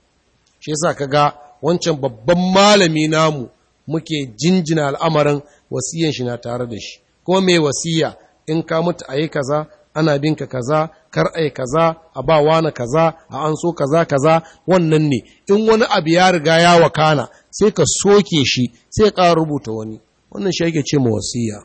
shi ka ga wancan babban malami namu muke jinjina al'amarin wasiyan shi na tare da shi ko me wasiya in ka mutu ayi kaza ana binka kaza kar ai kaza a ba wani kaza a an so kaza kaza wannan ne in wani abu ya riga ya wakana sai ka soke shi sai ka rubuta wani wannan shi yake ce ma wasiya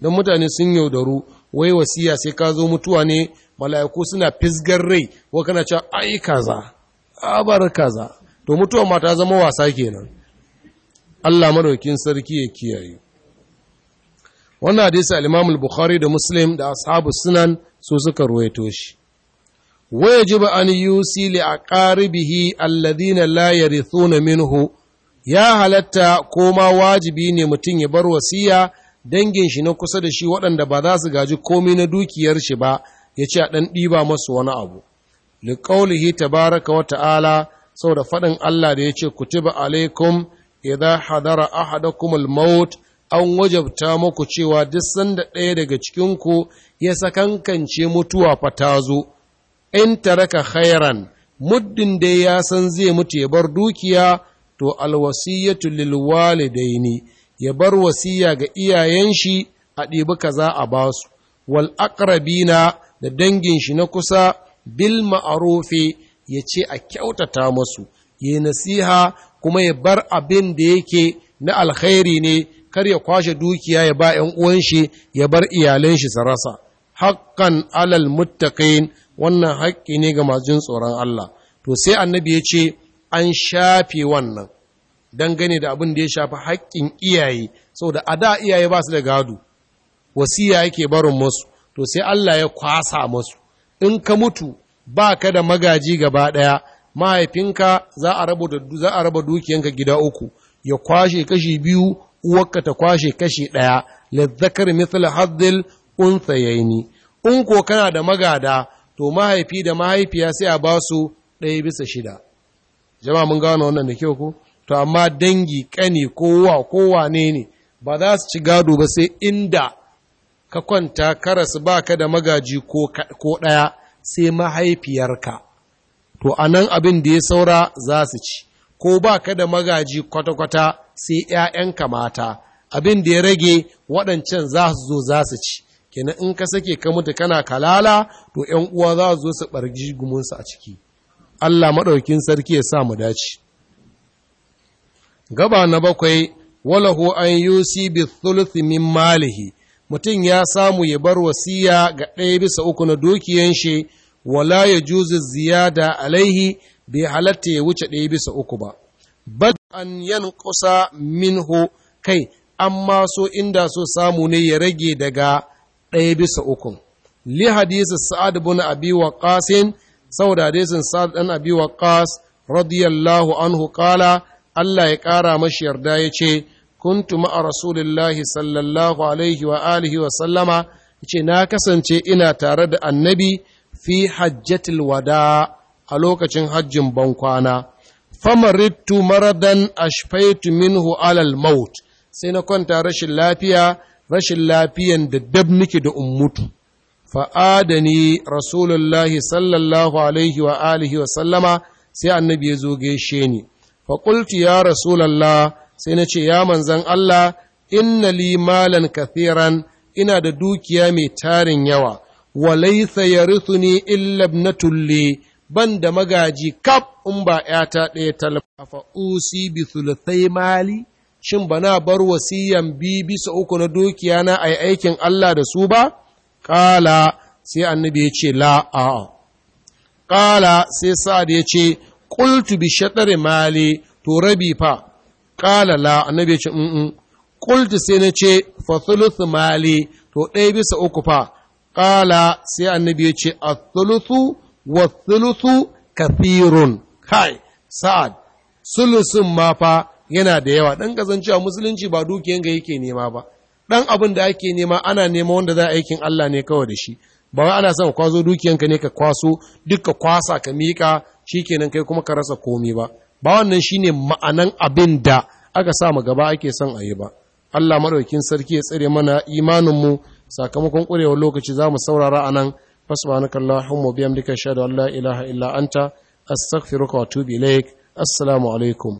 don mutane sun yaudaru wai wasiya sai ka zo mutuwa ne mala'iku suna fisgar rai wa kana cewa ai kaza Abar kaza to mutuwa mata ta zama wasa kenan Allah madaukin sarki ya kiyaye wannan hadisi al-Imam al-Bukhari da Muslim da ashabu sunan su suka ruwaito shi wajib an yusi li aqaribihi alladhina la yarithuna minhu ya halatta koma wajibi ne mutum ya bar wasiya dangin shi na kusa da shi waɗanda ba za su gaji komai na dukiyar shi ba ya ce a ɗan ɗiba masu wani abu li qawlihi tabaraka wa ta'ala saboda faɗin Allah da ya ce kutiba alaikum idza hadara ahadakum al-maut an wajabta muku cewa duk sanda ɗaya daga cikinku ya sakankance mutuwa fa ta zo in taraka khairan muddin dai ya san zai mutu ya bar dukiya to alwasiyatu lil walidaini ya bar wasiya ga iyayen shi a ɗibi kaza a basu wal aqrabina da dangin shi na kusa bil ma'arufi ya ce a kyautata masu ya nasiha kuma ya bar abin da yake na alkhairi ne kar ya kwashe dukiya ya ba ‘yan uwanshi ya bar iyalan shi sarasa rasa Hakan alal muttaqin wannan haƙƙi ne ga masu tsoron Allah to sai annabi ya ce an shafe wannan dangane da abin da ya shafi haƙƙin iyaye saboda a da iyaye ba su da gado wasiya yake barin masu to sai Allah ya kwasa masu in ka mutu ba ka da magaji gaba ɗaya mahaifinka za a raba za dukiyanka gida uku ya kwashe kashi biyu uwarka ta kwashe kashi ɗaya lazzakar misal haddil unsayaini in ko kana da magada to mahaifi da mahaifiya sai a ba ɗaya bisa shida jama'a mun gano wannan da kyau ko to amma dangi kani kowa kowa ne ne ba za su ci gado ba sai inda ka kwanta karas ba ka da magaji ko ɗaya sai mahaifiyarka to a nan abin da ya saura za su ci ko ba ka da magaji kwata-kwata sai ‘ya'yanka mata abin da ya rage waɗancan za su zo za su ci kenan in ka sake ka mutu kana kalala to ‘yan uwa za su zo su ɓargi gumunsu a ciki Allah maɗaukin sarki ya sa mu dace gaba na bakwai walahu an yusi bi min malihi mutum ya samu ya bar wasiya ga ɗaya bisa uku na dukiyan shi wala ya juzi ziyada alaihi bai halatta ya wuce ɗaya bisa uku ba bal an yan kusa minhu kai amma so inda so samu ne ya rage daga ɗaya bisa uku li hadisi sa'ad bin abi sau saboda hadisin sa'ad ɗan abi waqas radiyallahu anhu kala Allah ya ƙara mashi yarda ya ce Kuntuma a rasulillahi sallallahu alaihi wa wa sallama na kasance ina tare da annabi fi hajjatil wada a lokacin hajjin bankwana famaritu maradan ashfaitu minhu alal maut sai na kwanta rashin lafiya rashin lafiyan da dab nake da ummutu fa'adani rasulullahi sallallahu alaihi wa wa sallama sai annabi ya zo gaishe ni faƙultu ya rasulallah sai na ce ya manzan Allah inna li malan kathiran ina da dukiya mai tarin yawa wa ya yarithuni illa na tulle ban da magaji kaf in ba ‘yata ɗaya talfa usi bi thuluthai mali shin bana bar wasiyan bi bisa uku na dukiya na yi aikin Allah da su ba kala sai annabi ya ce la kala sai sa'ad ya ce Kultu bi shaɗar mali to rabi fa ƙala la annabi ya ce in kulti sai na ce fa thuluthu mali to ɗaya bisa uku fa ƙala sai annabi ya ce a athuluthu wa thuluthu kafirun. kai sa'ad sulusun ma fa yana da yawa dan kasancewa musulunci ba dukiyan ga yake nema ba Ɗan abin da ake nema ana nema wanda za a aikin Allah ne kawai da shi ba wai ana son kwazo dukiyanka ne ka kwaso duka kwasa ka mika shikenan kai kuma ka rasa komi ba ba wannan shine ma'anan abin da aka sa mu gaba ake son a yi ba Allah madaukin sarki ya tsare mana imaninmu sakamakon ƙurewar lokaci za mu saurara a nan fasbanaka Allahumma duka shahadu an la ilaha illa anta astaghfiruka wa atubu ilaik assalamu alaikum